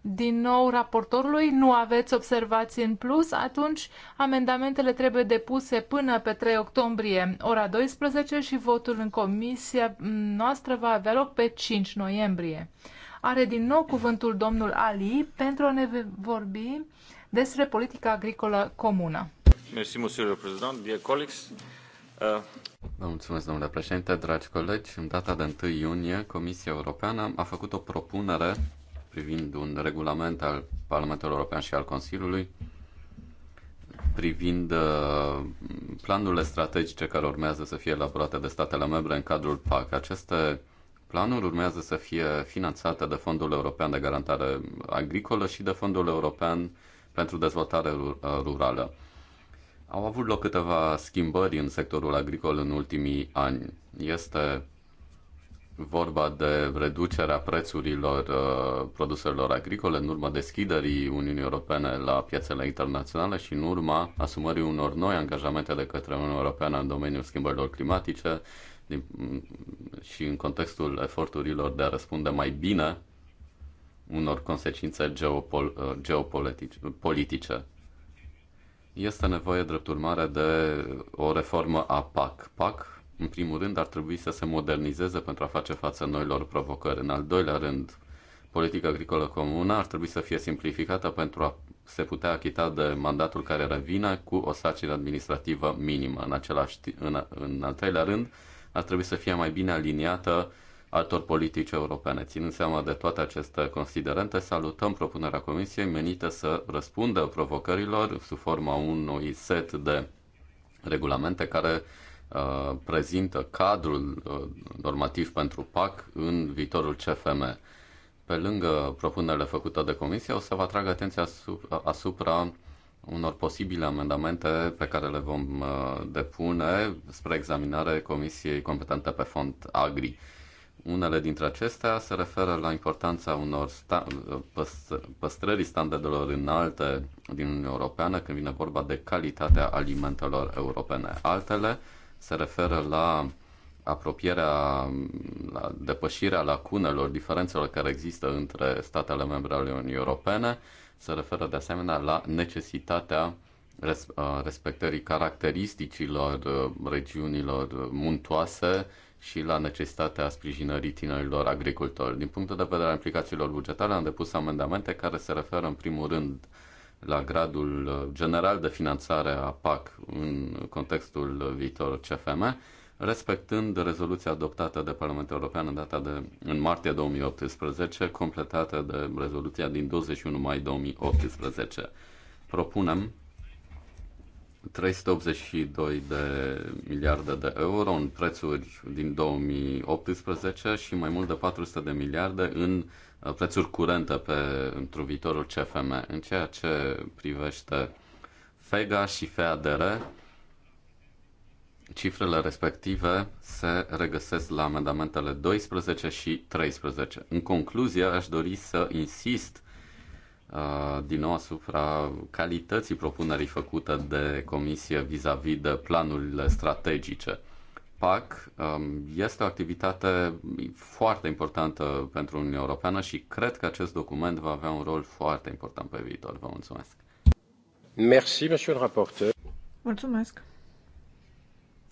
din nou raportorului, nu aveți observații în plus, atunci amendamentele trebuie depuse până pe 3 octombrie, ora 12 și votul în comisia noastră va avea loc pe 5 noiembrie. Are din nou cuvântul domnul Ali pentru a ne vorbi despre politica agricolă comună.
Mersi, monsieur président, uh, Vă mulțumesc, domnule președinte, dragi colegi. În data de 1 iunie, Comisia Europeană a făcut o propunere privind un regulament al Parlamentului European și al Consiliului privind uh, planurile strategice care urmează să fie elaborate de statele membre în cadrul PAC. Aceste planuri urmează să fie finanțate de Fondul European de Garantare Agricolă și de Fondul European pentru Dezvoltare uh, Rurală. Au avut loc câteva schimbări în sectorul agricol în ultimii ani. Este vorba de reducerea prețurilor uh, produselor agricole în urma deschiderii Uniunii Europene la piețele internaționale și în urma asumării unor noi angajamente de către Uniunea Europeană în domeniul schimbărilor climatice din, și în contextul eforturilor de a răspunde mai bine unor consecințe geopol, uh, geopolitice. Este nevoie, drept urmare, de o reformă a PAC. PAC în primul rând, ar trebui să se modernizeze pentru a face față noilor provocări. În al doilea rând, politica agricolă comună ar trebui să fie simplificată pentru a se putea achita de mandatul care revine cu o sarcină administrativă minimă. În, același, în, în al treilea rând, ar trebui să fie mai bine aliniată altor politici europene. Ținând seama de toate aceste considerente, salutăm propunerea Comisiei menită să răspundă provocărilor sub forma unui set de regulamente care Uh, prezintă cadrul uh, normativ pentru PAC în viitorul CFM. Pe lângă propunerile făcute de Comisie, o să vă atrag atenția asupra unor posibile amendamente pe care le vom uh, depune spre examinare Comisiei competente pe fond Agri. Unele dintre acestea se referă la importanța unor sta- păs- păstrării standardelor înalte din Uniunea Europeană când vine vorba de calitatea alimentelor europene. Altele se referă la apropierea, la depășirea lacunelor, diferențelor care există între statele membre ale Uniunii Europene, se referă de asemenea la necesitatea respectării caracteristicilor regiunilor muntoase și la necesitatea sprijinării tinerilor agricultori. Din punctul de vedere al implicațiilor bugetare, am depus amendamente care se referă în primul rând la gradul general de finanțare a PAC în contextul viitor CFM, respectând rezoluția adoptată de Parlamentul European în data de în martie 2018, completată de rezoluția din 21 mai 2018. Propunem 382 de miliarde de euro în prețuri din 2018 și mai mult de 400 de miliarde în uh, Uh, prețuri curente pe, pentru viitorul CFM. În ceea ce privește FEGA și FEADR, cifrele respective se regăsesc la amendamentele 12 și 13. În concluzie, aș dori să insist uh, din nou asupra calității propunerii făcute de comisie vis-a-vis -vis de planurile strategice. PAC um, este o activitate foarte importantă pentru Uniunea Europeană și cred că acest document va avea un rol foarte important pe viitor. Vă mulțumesc. Merci, monsieur le rapporteur.
Mulțumesc.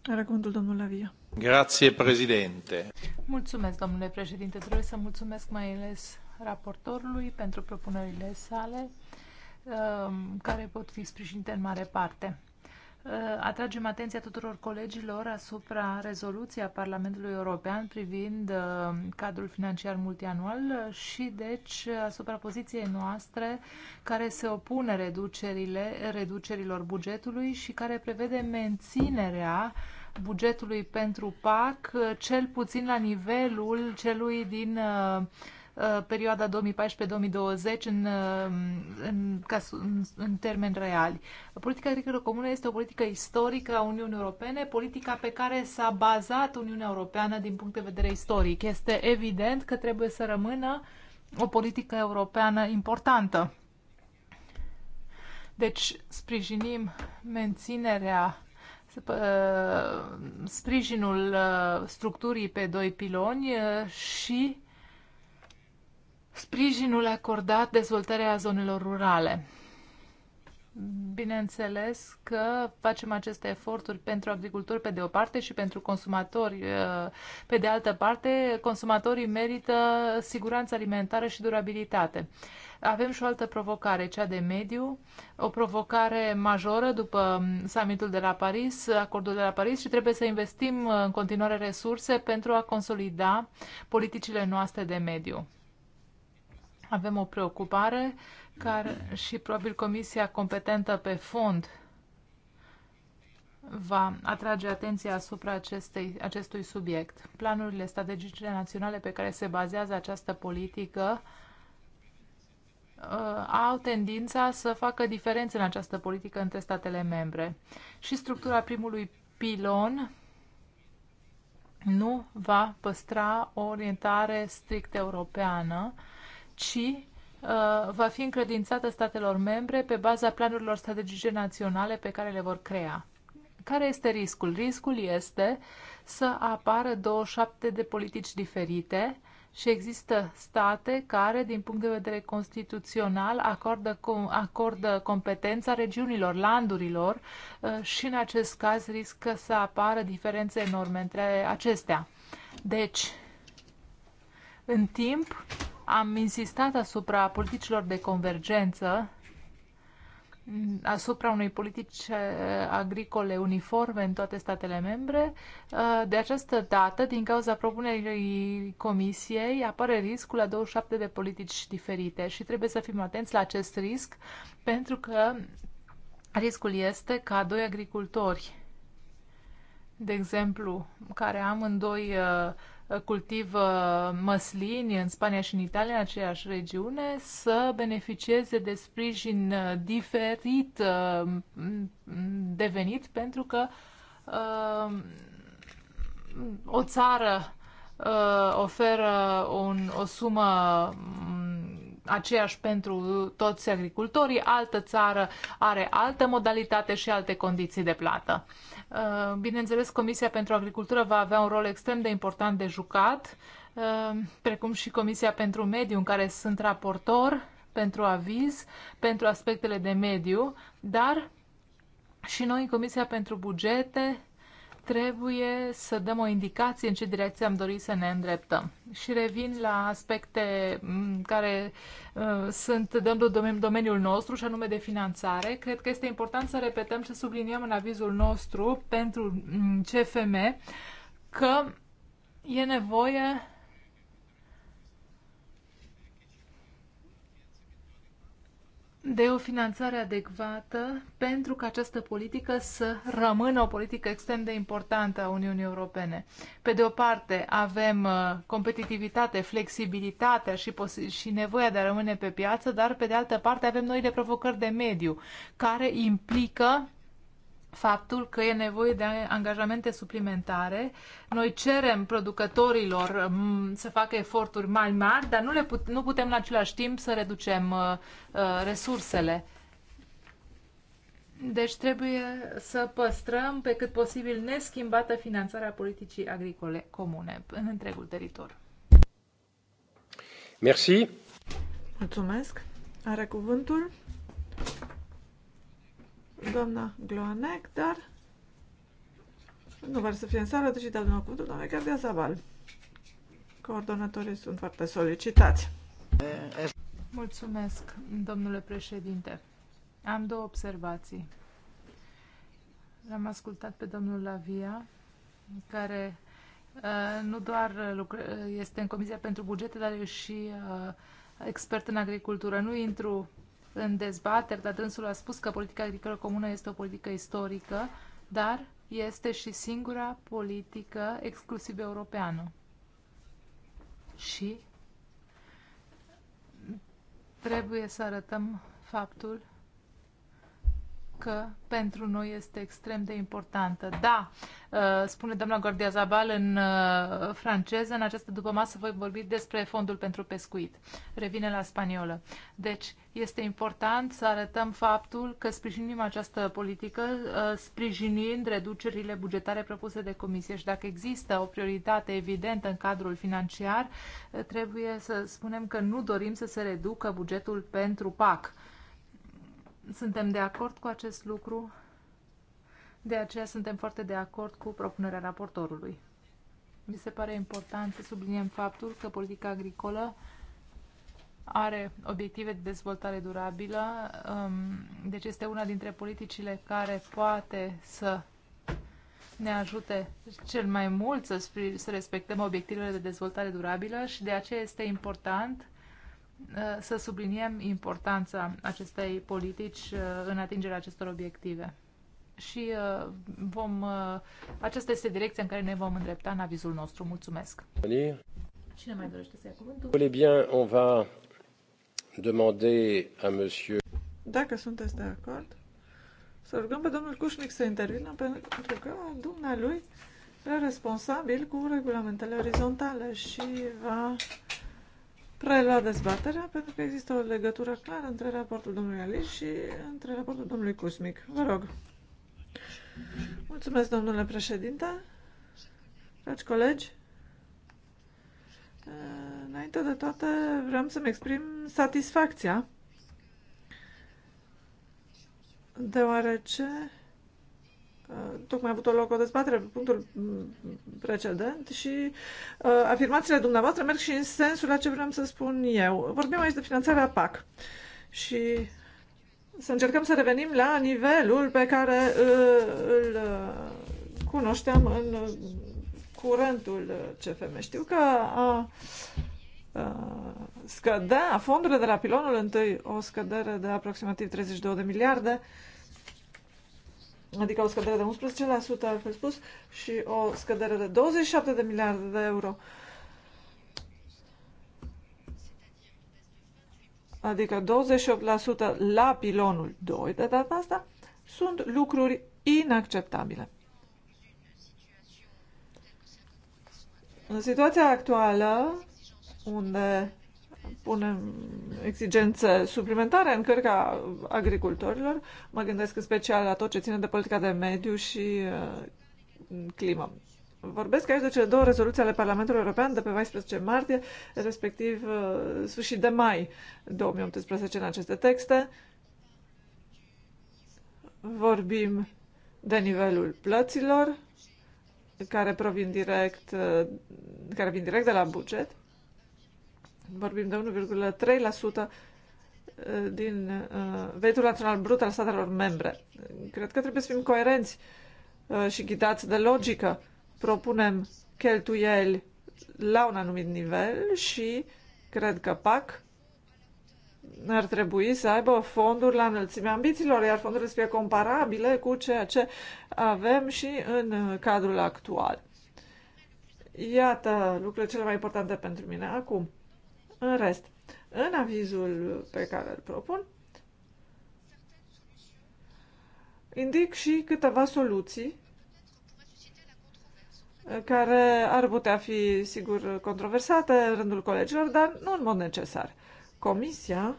Are cuvântul domnul Lavia.
Grazie, președinte.
Mulțumesc, domnule președinte. Trebuie să mulțumesc mai ales raportorului pentru propunerile sale, um, care pot fi sprijinite în mare parte atragem atenția tuturor colegilor asupra rezoluției a Parlamentului European privind uh, cadrul financiar multianual și deci asupra poziției noastre care se opune reducerile, reducerilor bugetului și care prevede menținerea bugetului pentru PAC uh, cel puțin la nivelul celui din uh, Uh, perioada 2014-2020 în, uh, în, ca, în, în termeni reali. Politica agricolă comună este o politică istorică a Uniunii Europene, politica pe care s-a bazat Uniunea Europeană din punct de vedere istoric. Este evident că trebuie să rămână o politică europeană importantă. Deci sprijinim menținerea uh, sprijinul structurii pe doi piloni și sprijinul acordat dezvoltarea zonelor rurale. Bineînțeles că facem aceste eforturi pentru agricultori pe de o parte și pentru consumatori uh, pe de altă parte. Consumatorii merită siguranță alimentară și durabilitate. Avem și o altă provocare, cea de mediu, o provocare majoră după summitul de la Paris, acordul de la Paris și trebuie să investim în continuare resurse pentru a consolida politicile noastre de mediu. Avem o preocupare care și probabil comisia competentă pe fond va atrage atenția asupra acestei, acestui subiect. Planurile strategice naționale pe care se bazează această politică uh, au tendința să facă diferențe în această politică între statele membre. Și structura primului pilon nu va păstra o orientare strict europeană, ci uh, va fi încredințată statelor membre pe baza planurilor strategice naționale pe care le vor crea. Care este riscul? Riscul este să apară 27 de politici diferite și există state care, din punct de vedere constituțional, acordă, acordă competența regiunilor, landurilor uh, și, în acest caz, riscă să apară diferențe enorme între acestea. Deci, în timp, am insistat asupra politicilor de convergență, asupra unei politici eh, agricole uniforme în toate statele membre. Eh, de această dată, din cauza propunerii Comisiei, apare riscul la 27 de politici diferite și trebuie să fim atenți la acest risc, pentru că riscul este ca doi agricultori de exemplu, care amândoi eh, cultivă uh, măslini în Spania și în Italia, în aceeași regiune, să beneficieze de sprijin uh, diferit uh, devenit, pentru că o țară oferă un, o sumă mm, aceeași pentru toți agricultorii, altă țară are altă modalitate și alte condiții de plată. Uh, bineînțeles, Comisia pentru Agricultură va avea un rol extrem de important de jucat, uh, precum și Comisia pentru Mediu, în care sunt raportor pentru aviz, pentru aspectele de mediu, dar și noi în Comisia pentru Bugete trebuie să dăm o indicație în ce direcție am dorit să ne îndreptăm. Și revin la aspecte care uh, sunt de domeniul nostru, și anume de finanțare. Cred că este important să repetăm ce subliniem în avizul nostru pentru CFM, că e nevoie de o finanțare adecvată pentru ca această politică să rămână o politică extrem de importantă a Uniunii Europene. Pe de o parte, avem uh, competitivitate, flexibilitatea și, și nevoia de a rămâne pe piață, dar pe de altă parte avem noile provocări de mediu, care implică faptul că e nevoie de angajamente suplimentare. Noi cerem producătorilor mm, să facă eforturi mai mari, dar nu, le put, nu putem în același timp să reducem uh, uh, resursele. Deci trebuie să păstrăm pe cât posibil neschimbată finanțarea politicii agricole comune în întregul teritoriu. Merci. Mulțumesc. Are cuvântul
doamna Gloanec, dar nu vor să fie în sală, deși dau din nou cuvântul doamnei Gardia Zaval.
Coordonatorii sunt
foarte solicitați.
Mulțumesc, domnule președinte. Am două observații. L-am ascultat pe domnul Lavia, care uh, nu doar este în Comisia pentru Bugete, dar e și uh, expert în agricultură. Nu intru în dezbateri, dar dânsul a spus că politica agricolă comună este o politică istorică, dar este și singura politică exclusiv europeană. Și trebuie să arătăm faptul că pentru noi este extrem de importantă. Da, uh, spune doamna Gordia Zabal în uh, franceză, în această dupa-masă voi vorbi despre fondul pentru pescuit. Revine la spaniolă. Deci, este important să arătăm faptul că sprijinim această politică uh, sprijinind reducerile bugetare propuse de comisie și dacă există o prioritate evidentă în cadrul financiar, trebuie să spunem că nu dorim să se reducă bugetul pentru PAC suntem de acord cu acest lucru, de aceea suntem foarte de acord cu propunerea raportorului. Mi se pare important să subliniem faptul că politica agricolă are obiective de dezvoltare durabilă, um, deci este una dintre politicile care poate să ne ajute cel mai mult să, să respectăm obiectivele de dezvoltare durabilă și de aceea este important Uh, să subliniem importanța acestei politici uh, în atingerea acestor obiective. Și uh, vom, aceasta este direcția în care ne vom îndrepta în avizul nostru. Mulțumesc! Cine mai dorește să ia cuvântul?
Bien, on va demander a monsieur...
Dacă sunteți de acord,
să rugăm pe domnul Cușnic să intervină pentru că dumnealui e responsabil cu regulamentele orizontale și va prelua dezbaterea pentru că există o legătură clară între raportul domnului Ali și între raportul domnului Cusmic. Vă rog. Mulțumesc, domnule președinte. Dragi colegi, înainte de toate vreau să-mi exprim satisfacția deoarece Uh, tocmai a avut o loc o dezbatere pe punctul mm, precedent și uh, afirmațiile dumneavoastră merg și în sensul la ce vreau să spun eu. Vorbim aici de finanțarea PAC și să încercăm să revenim la nivelul pe care uh, îl uh, cunoșteam în uh, curentul CFM. Știu că a scădea fondurile de la pilonul întâi, o scădere de aproximativ 32 de miliarde, uh, adică o scădere de 11%, ar fi spus, și o scădere de 27 de miliarde de euro. adică 28% la pilonul 2 de data asta, sunt lucruri inacceptabile. În situația actuală, unde punem exigențe suplimentare în cărca agricultorilor. Mă gândesc în special la tot ce ține de politica de mediu și uh, climă. Vorbesc aici de cele două rezoluții ale Parlamentului European de pe 14 martie, respectiv uh, sfârșit de mai 2018 în aceste texte. Vorbim de nivelul plăților care provin direct, uh, care vin direct de la buget Vorbim de 1,3% eh, din eh, venitul național brut al statelor membre. Cred că trebuie să fim coerenți eh, și ghidați de logică. Propunem cheltuieli la un anumit nivel și cred că PAC ar trebui să aibă fonduri la înălțimea ambițiilor, iar fondurile să fie comparabile cu ceea ce avem și în cadrul actual. Iată lucrurile cele mai importante pentru mine. Acum, în rest, în avizul pe care îl propun, indic și câteva soluții care ar putea fi, sigur, controversate în rândul colegilor, dar nu în mod necesar. Comisia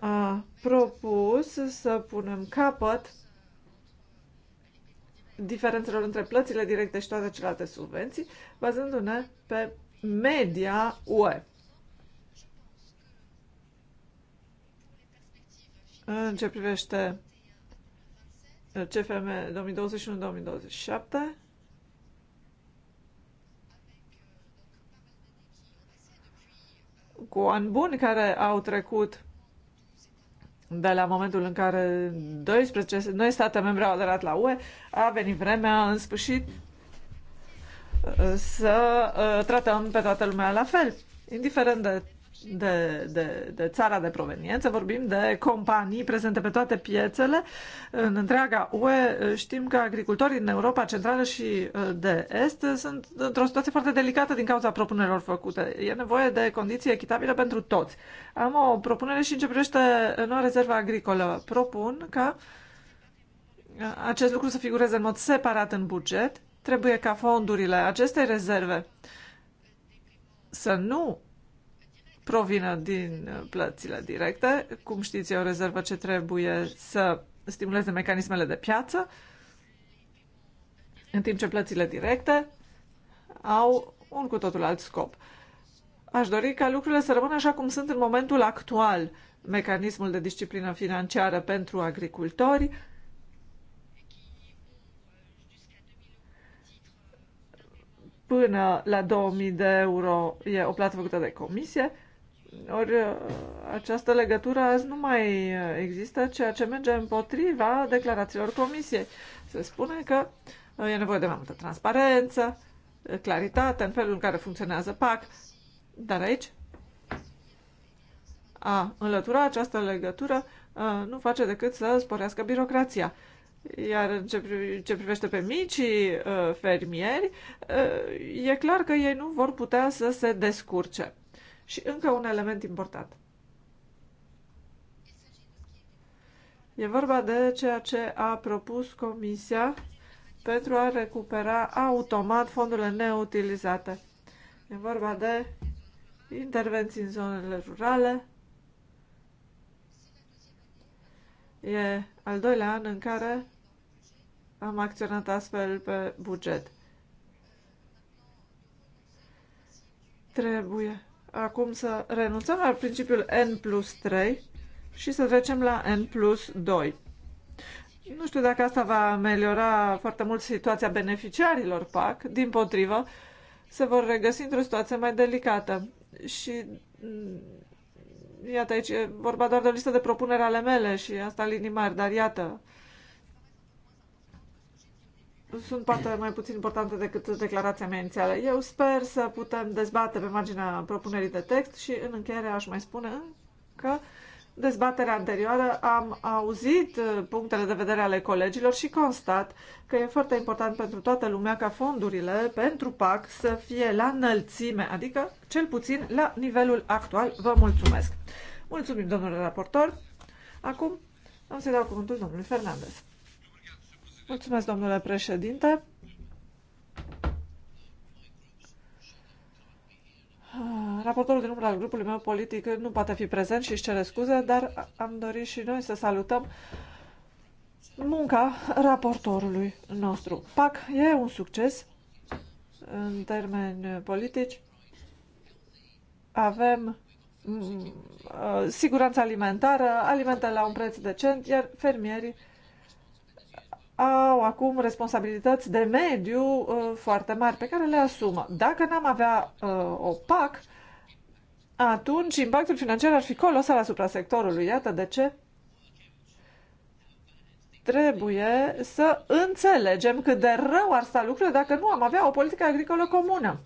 a propus să punem capăt diferențelor între plățile directe și toate celelalte subvenții, bazându-ne pe media UE. În ce privește uh, CFM 2021-2027, cu ani buni care au trecut de la momentul în care 12 noi state membre au aderat la UE, a venit vremea, în sfârșit, să uh, tratăm pe toată lumea la fel, indiferent de de, de, de țara de proveniență, vorbim de companii prezente pe toate piețele în întreaga UE. Uh, știm că agricultorii din Europa Centrală și uh, de Est sunt într-o situație foarte delicată din cauza propunerilor făcute. E nevoie de condiții echitabile pentru toți. Am o propunere și în ce privește noua rezervă agricolă. Propun ca acest lucru să figureze în mod separat în buget Trebuie ca fondurile acestei rezerve să nu provină din uh, plățile directe. Cum știți, e o rezervă ce trebuie să stimuleze mecanismele de piață, în timp ce plățile directe au un cu totul alt scop. Aș dori ca lucrurile să rămână așa cum sunt în momentul actual. Mecanismul de disciplină financiară pentru agricultori până la 2000 de euro e o plată făcută de comisie, ori uh, această legătură azi nu mai uh, există, ceea ce merge împotriva declarațiilor comisiei. Se spune că uh, e nevoie de mai multă transparență, claritate în felul în care funcționează PAC, dar aici a înlătura această legătură nu face decât să sporească birocrația. Iar în ce, pri- ce privește pe micii uh, fermieri, uh, e clar că ei nu vor putea să se descurce. Și încă un element important. E vorba de ceea ce a propus Comisia pentru a recupera automat fondurile neutilizate. E vorba de intervenții în zonele rurale. E al doilea an în care am acționat astfel pe buget. Trebuie acum să renunțăm la principiul N plus 3 și să trecem la N plus 2. Nu știu dacă asta va ameliora foarte mult situația beneficiarilor PAC, din potrivă, se vor regăsi într-o situație mai delicată și Iată, aici e vorba doar de o listă de propuneri ale mele și asta în linii mari, dar iată, sunt poate mai puțin importante decât declarația mea inițială. Eu sper să putem dezbate pe marginea propunerii de text și în încheiere aș mai spune că dezbaterea anterioară am auzit uh, punctele de vedere ale colegilor și constat că e foarte important pentru toată lumea ca fondurile pentru PAC să fie la înălțime, adică cel puțin la nivelul actual. Vă mulțumesc! Mulțumim, domnule raportor! Acum am să dau cuvântul domnului Fernandez. Mulțumesc, domnule președinte! Raportorul din umbra grupului meu politic nu poate fi prezent și își cere scuze, dar am dorit și noi să salutăm munca raportorului nostru. PAC e un succes în termeni politici. Avem mm, uh, siguranța alimentară, alimente la un preț decent, iar fermierii au acum responsabilități de mediu uh, foarte mari pe care le asumă. Dacă n-am avea uh, o PAC, atunci impactul financiar ar fi colosal asupra sectorului. Iată de ce trebuie să înțelegem cât de rău ar sta lucrurile dacă nu am avea o politică agricolă comună.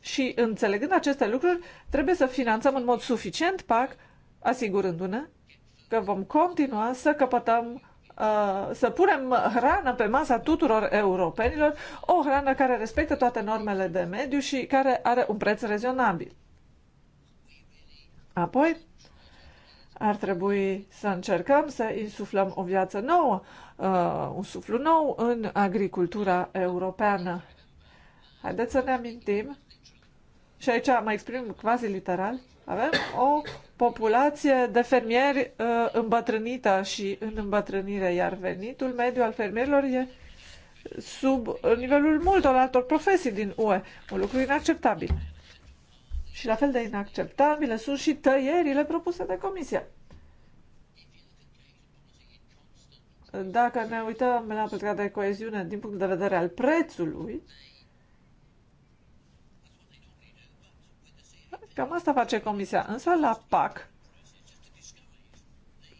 Și înțelegând aceste lucruri, trebuie să finanțăm în mod suficient PAC, asigurându-ne că vom continua să căpătăm uh, să punem hrană pe masa tuturor europenilor, o hrană care respectă toate normele de mediu și care are un preț rezonabil. Apoi, ar trebui să încercăm să insuflăm o viață nouă, uh, un suflu nou în agricultura europeană. Haideți să ne amintim, și aici mă exprim quasi literal, avem o populație de fermieri uh, îmbătrânită și în îmbătrânire, iar venitul mediu al fermierilor e sub nivelul multor altor profesii din UE, un lucru inacceptabil. Și la fel de inacceptabile sunt și tăierile propuse de comisia. Dacă ne uităm la politica de coeziune din punct de vedere al prețului, cam asta face comisia. Însă la PAC,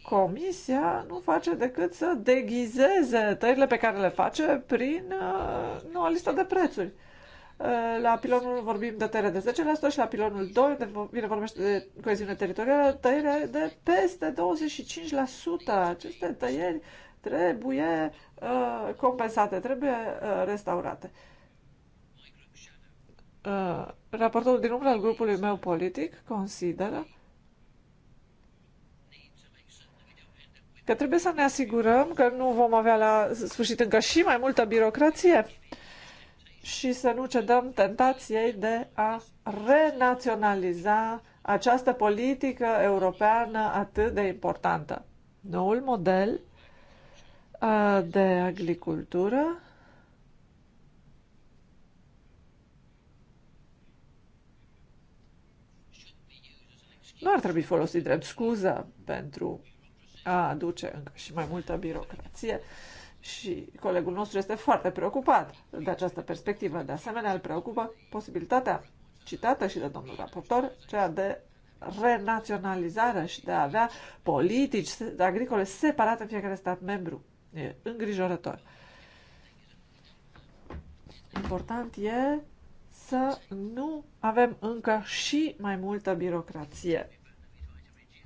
Comisia nu face decât să deghizeze tăierile pe care le face prin uh, noua listă de prețuri. Eh, la pilonul vorbim de tăiere de 10% și la pilonul 2, de, vine vorbește de coeziune teritorială, tăiere de peste 25%. Aceste tăieri trebuie uh, compensate, trebuie uh, restaurate. Uh, raportul din umbră al grupului meu politic consideră că trebuie să ne asigurăm că nu vom avea la sfârșit încă și mai multă birocrație și să nu cedăm tentației de a renaționaliza această politică europeană atât de importantă. Noul model uh, de agricultură nu ar trebui folosit drept scuză pentru a aduce încă și mai multă birocrație și colegul nostru este foarte preocupat de această perspectivă. De asemenea, îl preocupă posibilitatea citată și de domnul raportor, cea de renaționalizare și de a avea politici agricole separate în fiecare stat membru. E îngrijorător. Important e să nu avem încă și mai multă birocrație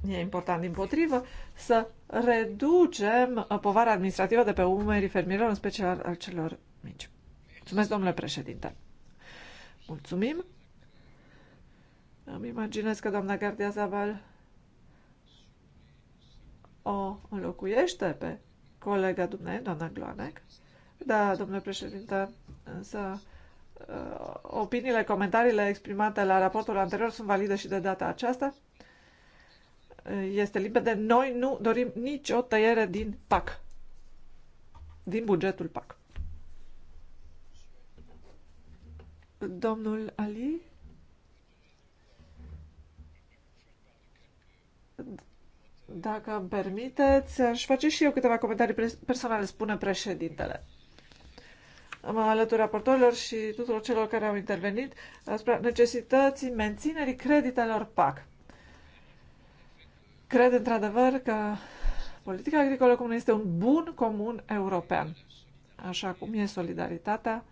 e important din potrivă, să reducem uh, povara administrativă de pe umerii fermierilor, în special al celor mici. Mulțumesc, domnule președinte. Mulțumim. Îmi imaginez că doamna Gardia Zaval o înlocuiește pe colega dumnei, doamna Gloanec. Da, domnule președinte, însă uh, opiniile, comentariile exprimate la raportul anterior sunt valide și de data aceasta este limpede, noi nu dorim nicio tăiere din PAC, din bugetul PAC. Domnul Ali? Dacă îmi permiteți, aș face și eu câteva comentarii personale, spune președintele. Mă alătur raportorilor și tuturor celor care au intervenit asupra necesității menținerii creditelor PAC. Cred într-adevăr că politica agricolă comună este un bun comun european, așa cum e solidaritatea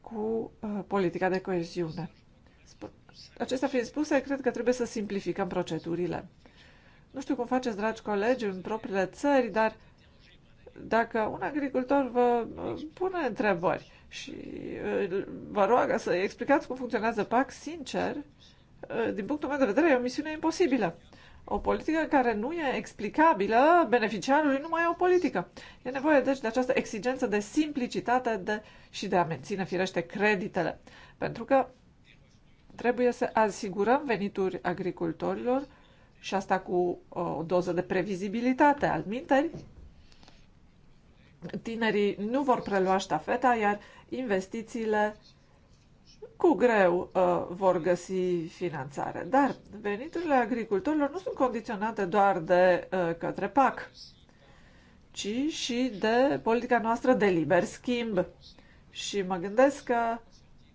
cu uh, politica de coeziune. Acestea fiind spuse, cred că trebuie să simplificăm procedurile. Nu știu cum faceți, dragi colegi, în propriile țări, dar dacă un agricultor vă uh, pune întrebări și uh, vă roagă să explicați cum funcționează PAC, sincer, Eh, din punctul meu de vedere, e o misiune imposibilă. O politică care nu e explicabilă beneficiarului nu mai e o politică. E nevoie, deci, de această exigență de simplicitate de, și de a menține, firește, creditele. Pentru că trebuie să asigurăm venituri agricultorilor și asta cu o doză de previzibilitate. minteri. tinerii nu vor prelua ștafeta, iar investițiile cu greu uh, vor găsi finanțare. Dar veniturile agricultorilor nu sunt condiționate doar de uh, către PAC, ci și de politica noastră de liber schimb. Și mă gândesc că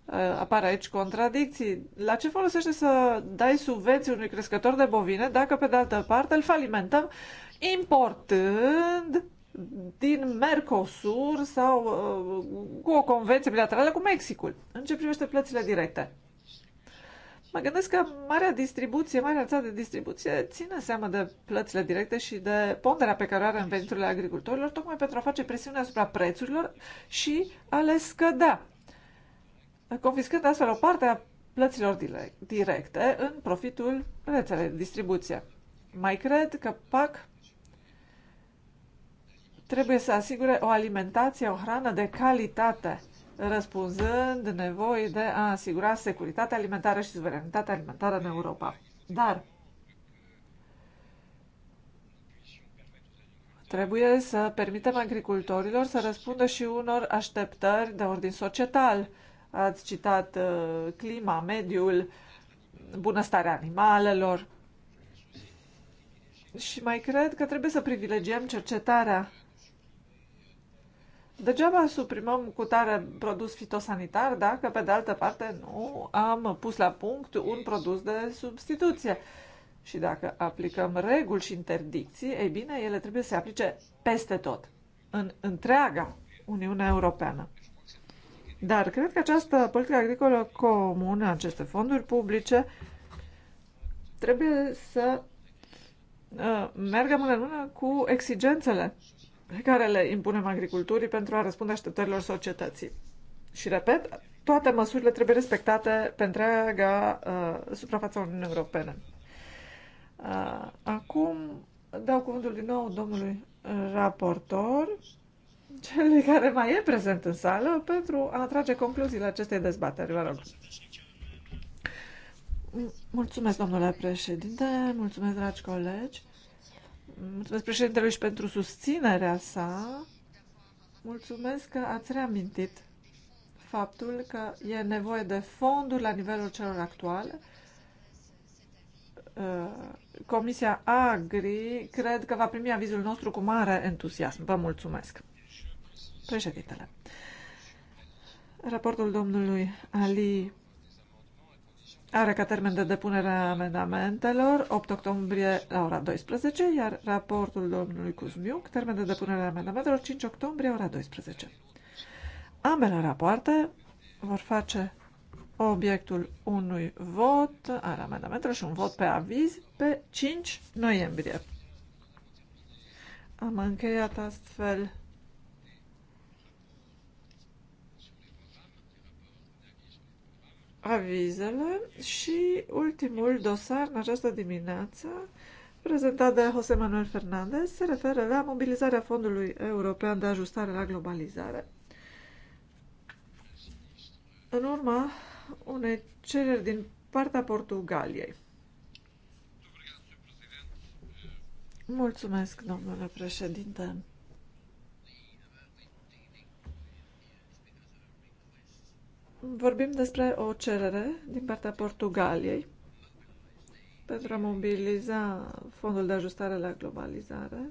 uh, apar aici contradicții. La ce folosește să dai subvenții unui crescător de bovine dacă, pe de altă parte, îl falimentăm importând din Mercosur sau uh, cu o convenție bilaterală cu Mexicul, în ce privește plățile directe. Mă gândesc că marea distribuție, marea rețea de distribuție ține seama de plățile directe și de ponderea pe care o are în veniturile agricultorilor, tocmai pentru a face presiune asupra prețurilor și a le scădea, confiscând astfel o parte a plăților directe în profitul rețelei de distribuție. Mai cred că PAC trebuie să asigure o alimentație, o hrană de calitate, răspunzând nevoii de a asigura securitatea alimentară și suveranitatea alimentară în Europa. Dar trebuie să permitem agricultorilor să răspundă și unor așteptări de ordin societal. Ați citat uh, clima, mediul, bunăstarea animalelor. Și mai cred că trebuie să privilegiem cercetarea Degeaba suprimăm cu tare produs fitosanitar dacă, pe de altă parte, nu am pus la punct un produs de substituție. Și dacă aplicăm reguli și interdicții, ei bine, ele trebuie să se aplice peste tot, în întreaga Uniunea Europeană. Dar cred că această politică agricolă comună, aceste fonduri publice, trebuie să uh, meargă mână în mână cu exigențele pe care le impunem agriculturii pentru a răspunde așteptărilor societății. Și repet, toate măsurile trebuie respectate pe întreaga uh, suprafața Uniunii Europene. Uh, acum dau cuvântul din nou domnului raportor, cel care mai e prezent în sală, pentru a trage concluziile acestei dezbateri. Vă rog. Mulțumesc, domnule președinte, mulțumesc, dragi colegi. Mulțumesc președintelui și pentru susținerea sa. Mulțumesc că ați reamintit faptul că e nevoie de fonduri la nivelul celor actuale. Uh, Comisia Agri cred că va primi avizul nostru cu mare entuziasm. Vă mulțumesc. Președintele. Raportul domnului Ali are ca termen de depunere a amendamentelor 8 octombrie la ora 12, iar raportul domnului Cuzmiuc, termen de depunere a amendamentelor 5 octombrie ora 12. Ambele rapoarte vor face obiectul unui vot al amendamentelor și un vot pe aviz pe 5 noiembrie. Am încheiat astfel avizele și ultimul dosar în această dimineață, prezentat de José Manuel Fernández, se referă la mobilizarea Fondului European de Ajustare la Globalizare. În urma unei cereri din partea Portugaliei. Mulțumesc, domnule președinte. vorbim despre o cerere din partea Portugaliei pentru a mobiliza fondul de ajustare la globalizare.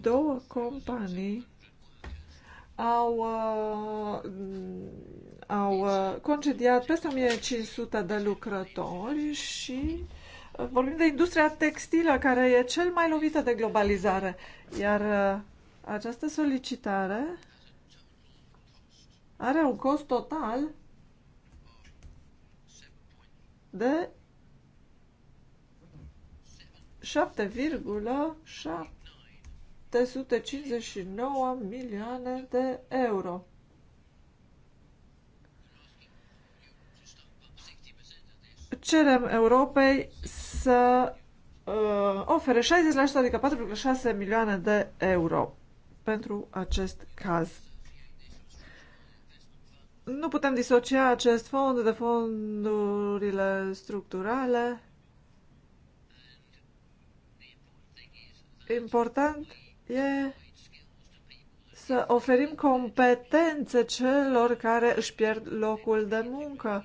Două companii au, uh, au uh, concediat peste 1500 de lucrători și uh, vorbim de industria textilă care e cel mai lovită de globalizare, iar uh, această solicitare are un cost total de 7,759 milioane de euro. Cerem Europei să uh, ofere 60%, adică 4,6 milioane de euro pentru acest caz. Nu putem disocia acest fond de fondurile structurale. Important e să oferim competențe celor care își pierd locul de muncă,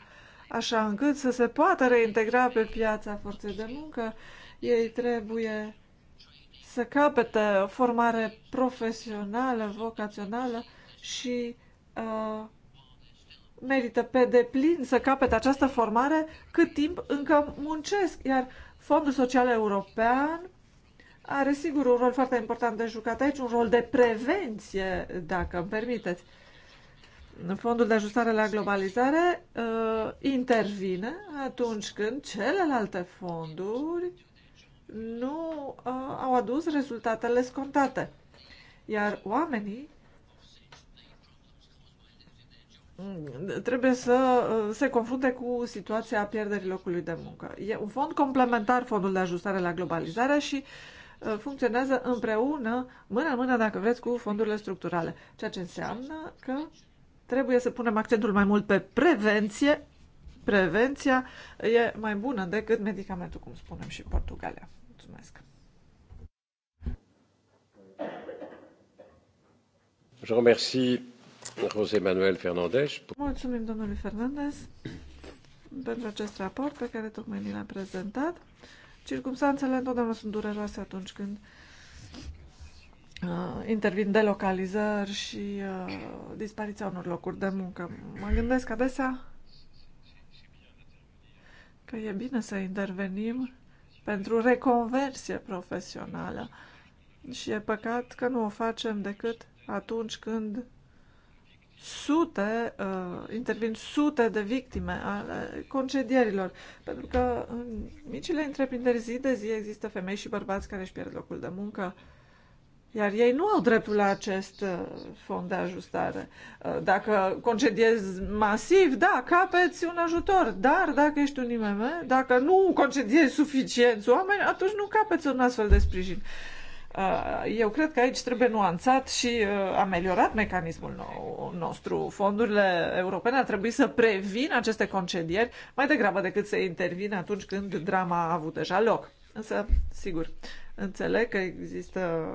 așa încât să se poată reintegra pe piața forței de muncă. Ei trebuie să capete o formare profesională, vocațională și uh, merită pe deplin să capete această formare cât timp încă muncesc. Iar Fondul Social European are sigur un rol foarte important de jucat aici, un rol de prevenție, dacă îmi permiteți. Fondul de ajustare la globalizare uh, intervine atunci când celelalte fonduri nu uh, au adus rezultatele scontate. Iar oamenii mm, trebuie să uh, se confrunte cu situația pierderii locului de muncă. E un fond complementar fondul de ajustare la globalizare și uh, funcționează împreună, mână în mână, dacă vreți, cu fondurile structurale. Ceea ce înseamnă că trebuie să punem accentul mai mult pe prevenție. Prevenția e mai bună decât medicamentul, cum spunem și în Portugalia. Mulțumesc!
Je remercie José Manuel Fernandez.
Mulțumim domnului Fernandez pentru acest raport pe care tocmai ni l-a prezentat. Circumstanțele întotdeauna sunt dureroase atunci când uh, intervin delocalizări și uh, dispariția unor locuri de muncă. Mă gândesc adesea că e bine să intervenim pentru reconversie profesională. Și e păcat că nu o facem decât atunci când sute, uh, intervin sute de victime ale concedierilor, pentru că în micile întreprinderi zi de zi există femei și bărbați care își pierd locul de muncă, uh, iar ei nu au dreptul la acest uh, fond de ajustare. Uh, dacă concediezi masiv, da, capeți un ajutor, dar dacă ești un IMM, dacă nu concediezi suficient oameni, atunci nu capeți un astfel de sprijin. Uh, eu cred că aici trebuie nuanțat și ameliorat mecanismul nostru. Fondurile europene ar trebui să prevină aceste concedieri mai degrabă decât să intervină atunci când drama a avut deja loc. Însă, sigur, Înțeleg că există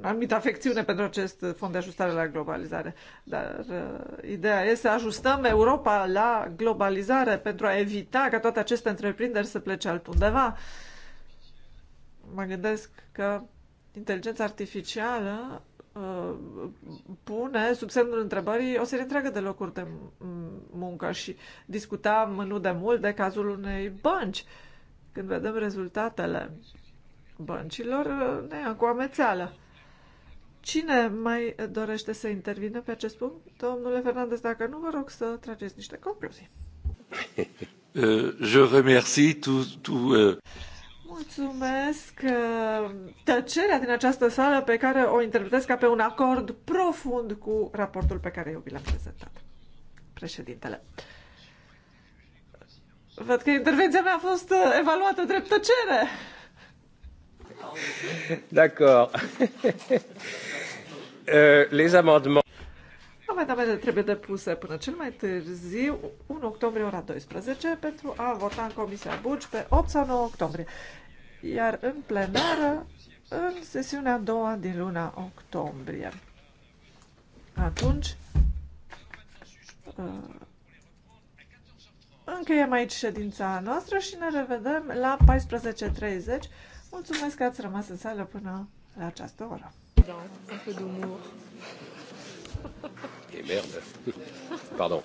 o anumită afecțiune pentru acest fond de ajustare la globalizare, dar uh, ideea este să ajustăm Europa la globalizare pentru a evita ca toate aceste întreprinderi să plece altundeva. Mă gândesc că inteligența artificială uh, pune sub semnul întrebării o serie întreagă de locuri de muncă și discutam nu de mult de cazul unei bănci. Când vedem rezultatele băncilor uh, ne ia cu amețeală. Cine mai dorește să intervină pe acest punct? Domnule Fernandez, dacă nu, vă rog să trageți niște concluzii.
Uh, je remercie tout, tout,
uh,
Mulțumesc tăcerea din această sală pe care o interpretez ca pe un acord profund cu raportul pe care eu vi l-am prezentat. Președintele. Văd că intervenția mea a fost evaluată drept tăcere.
D'accord. Euh, les amendements.
Amendamentele trebuie depuse până cel mai târziu, 1 octombrie, ora 12, pentru a vota în Comisia Buci pe 8 sau 9 octombrie, iar în plenară în sesiunea a doua din luna octombrie. Atunci, uh, încheiem aici ședința noastră și ne revedem la 14.30 Mulțumesc că ați rămas în sală până la această oră. Da, un peu d'humour.
Et eh, merde. Pardon.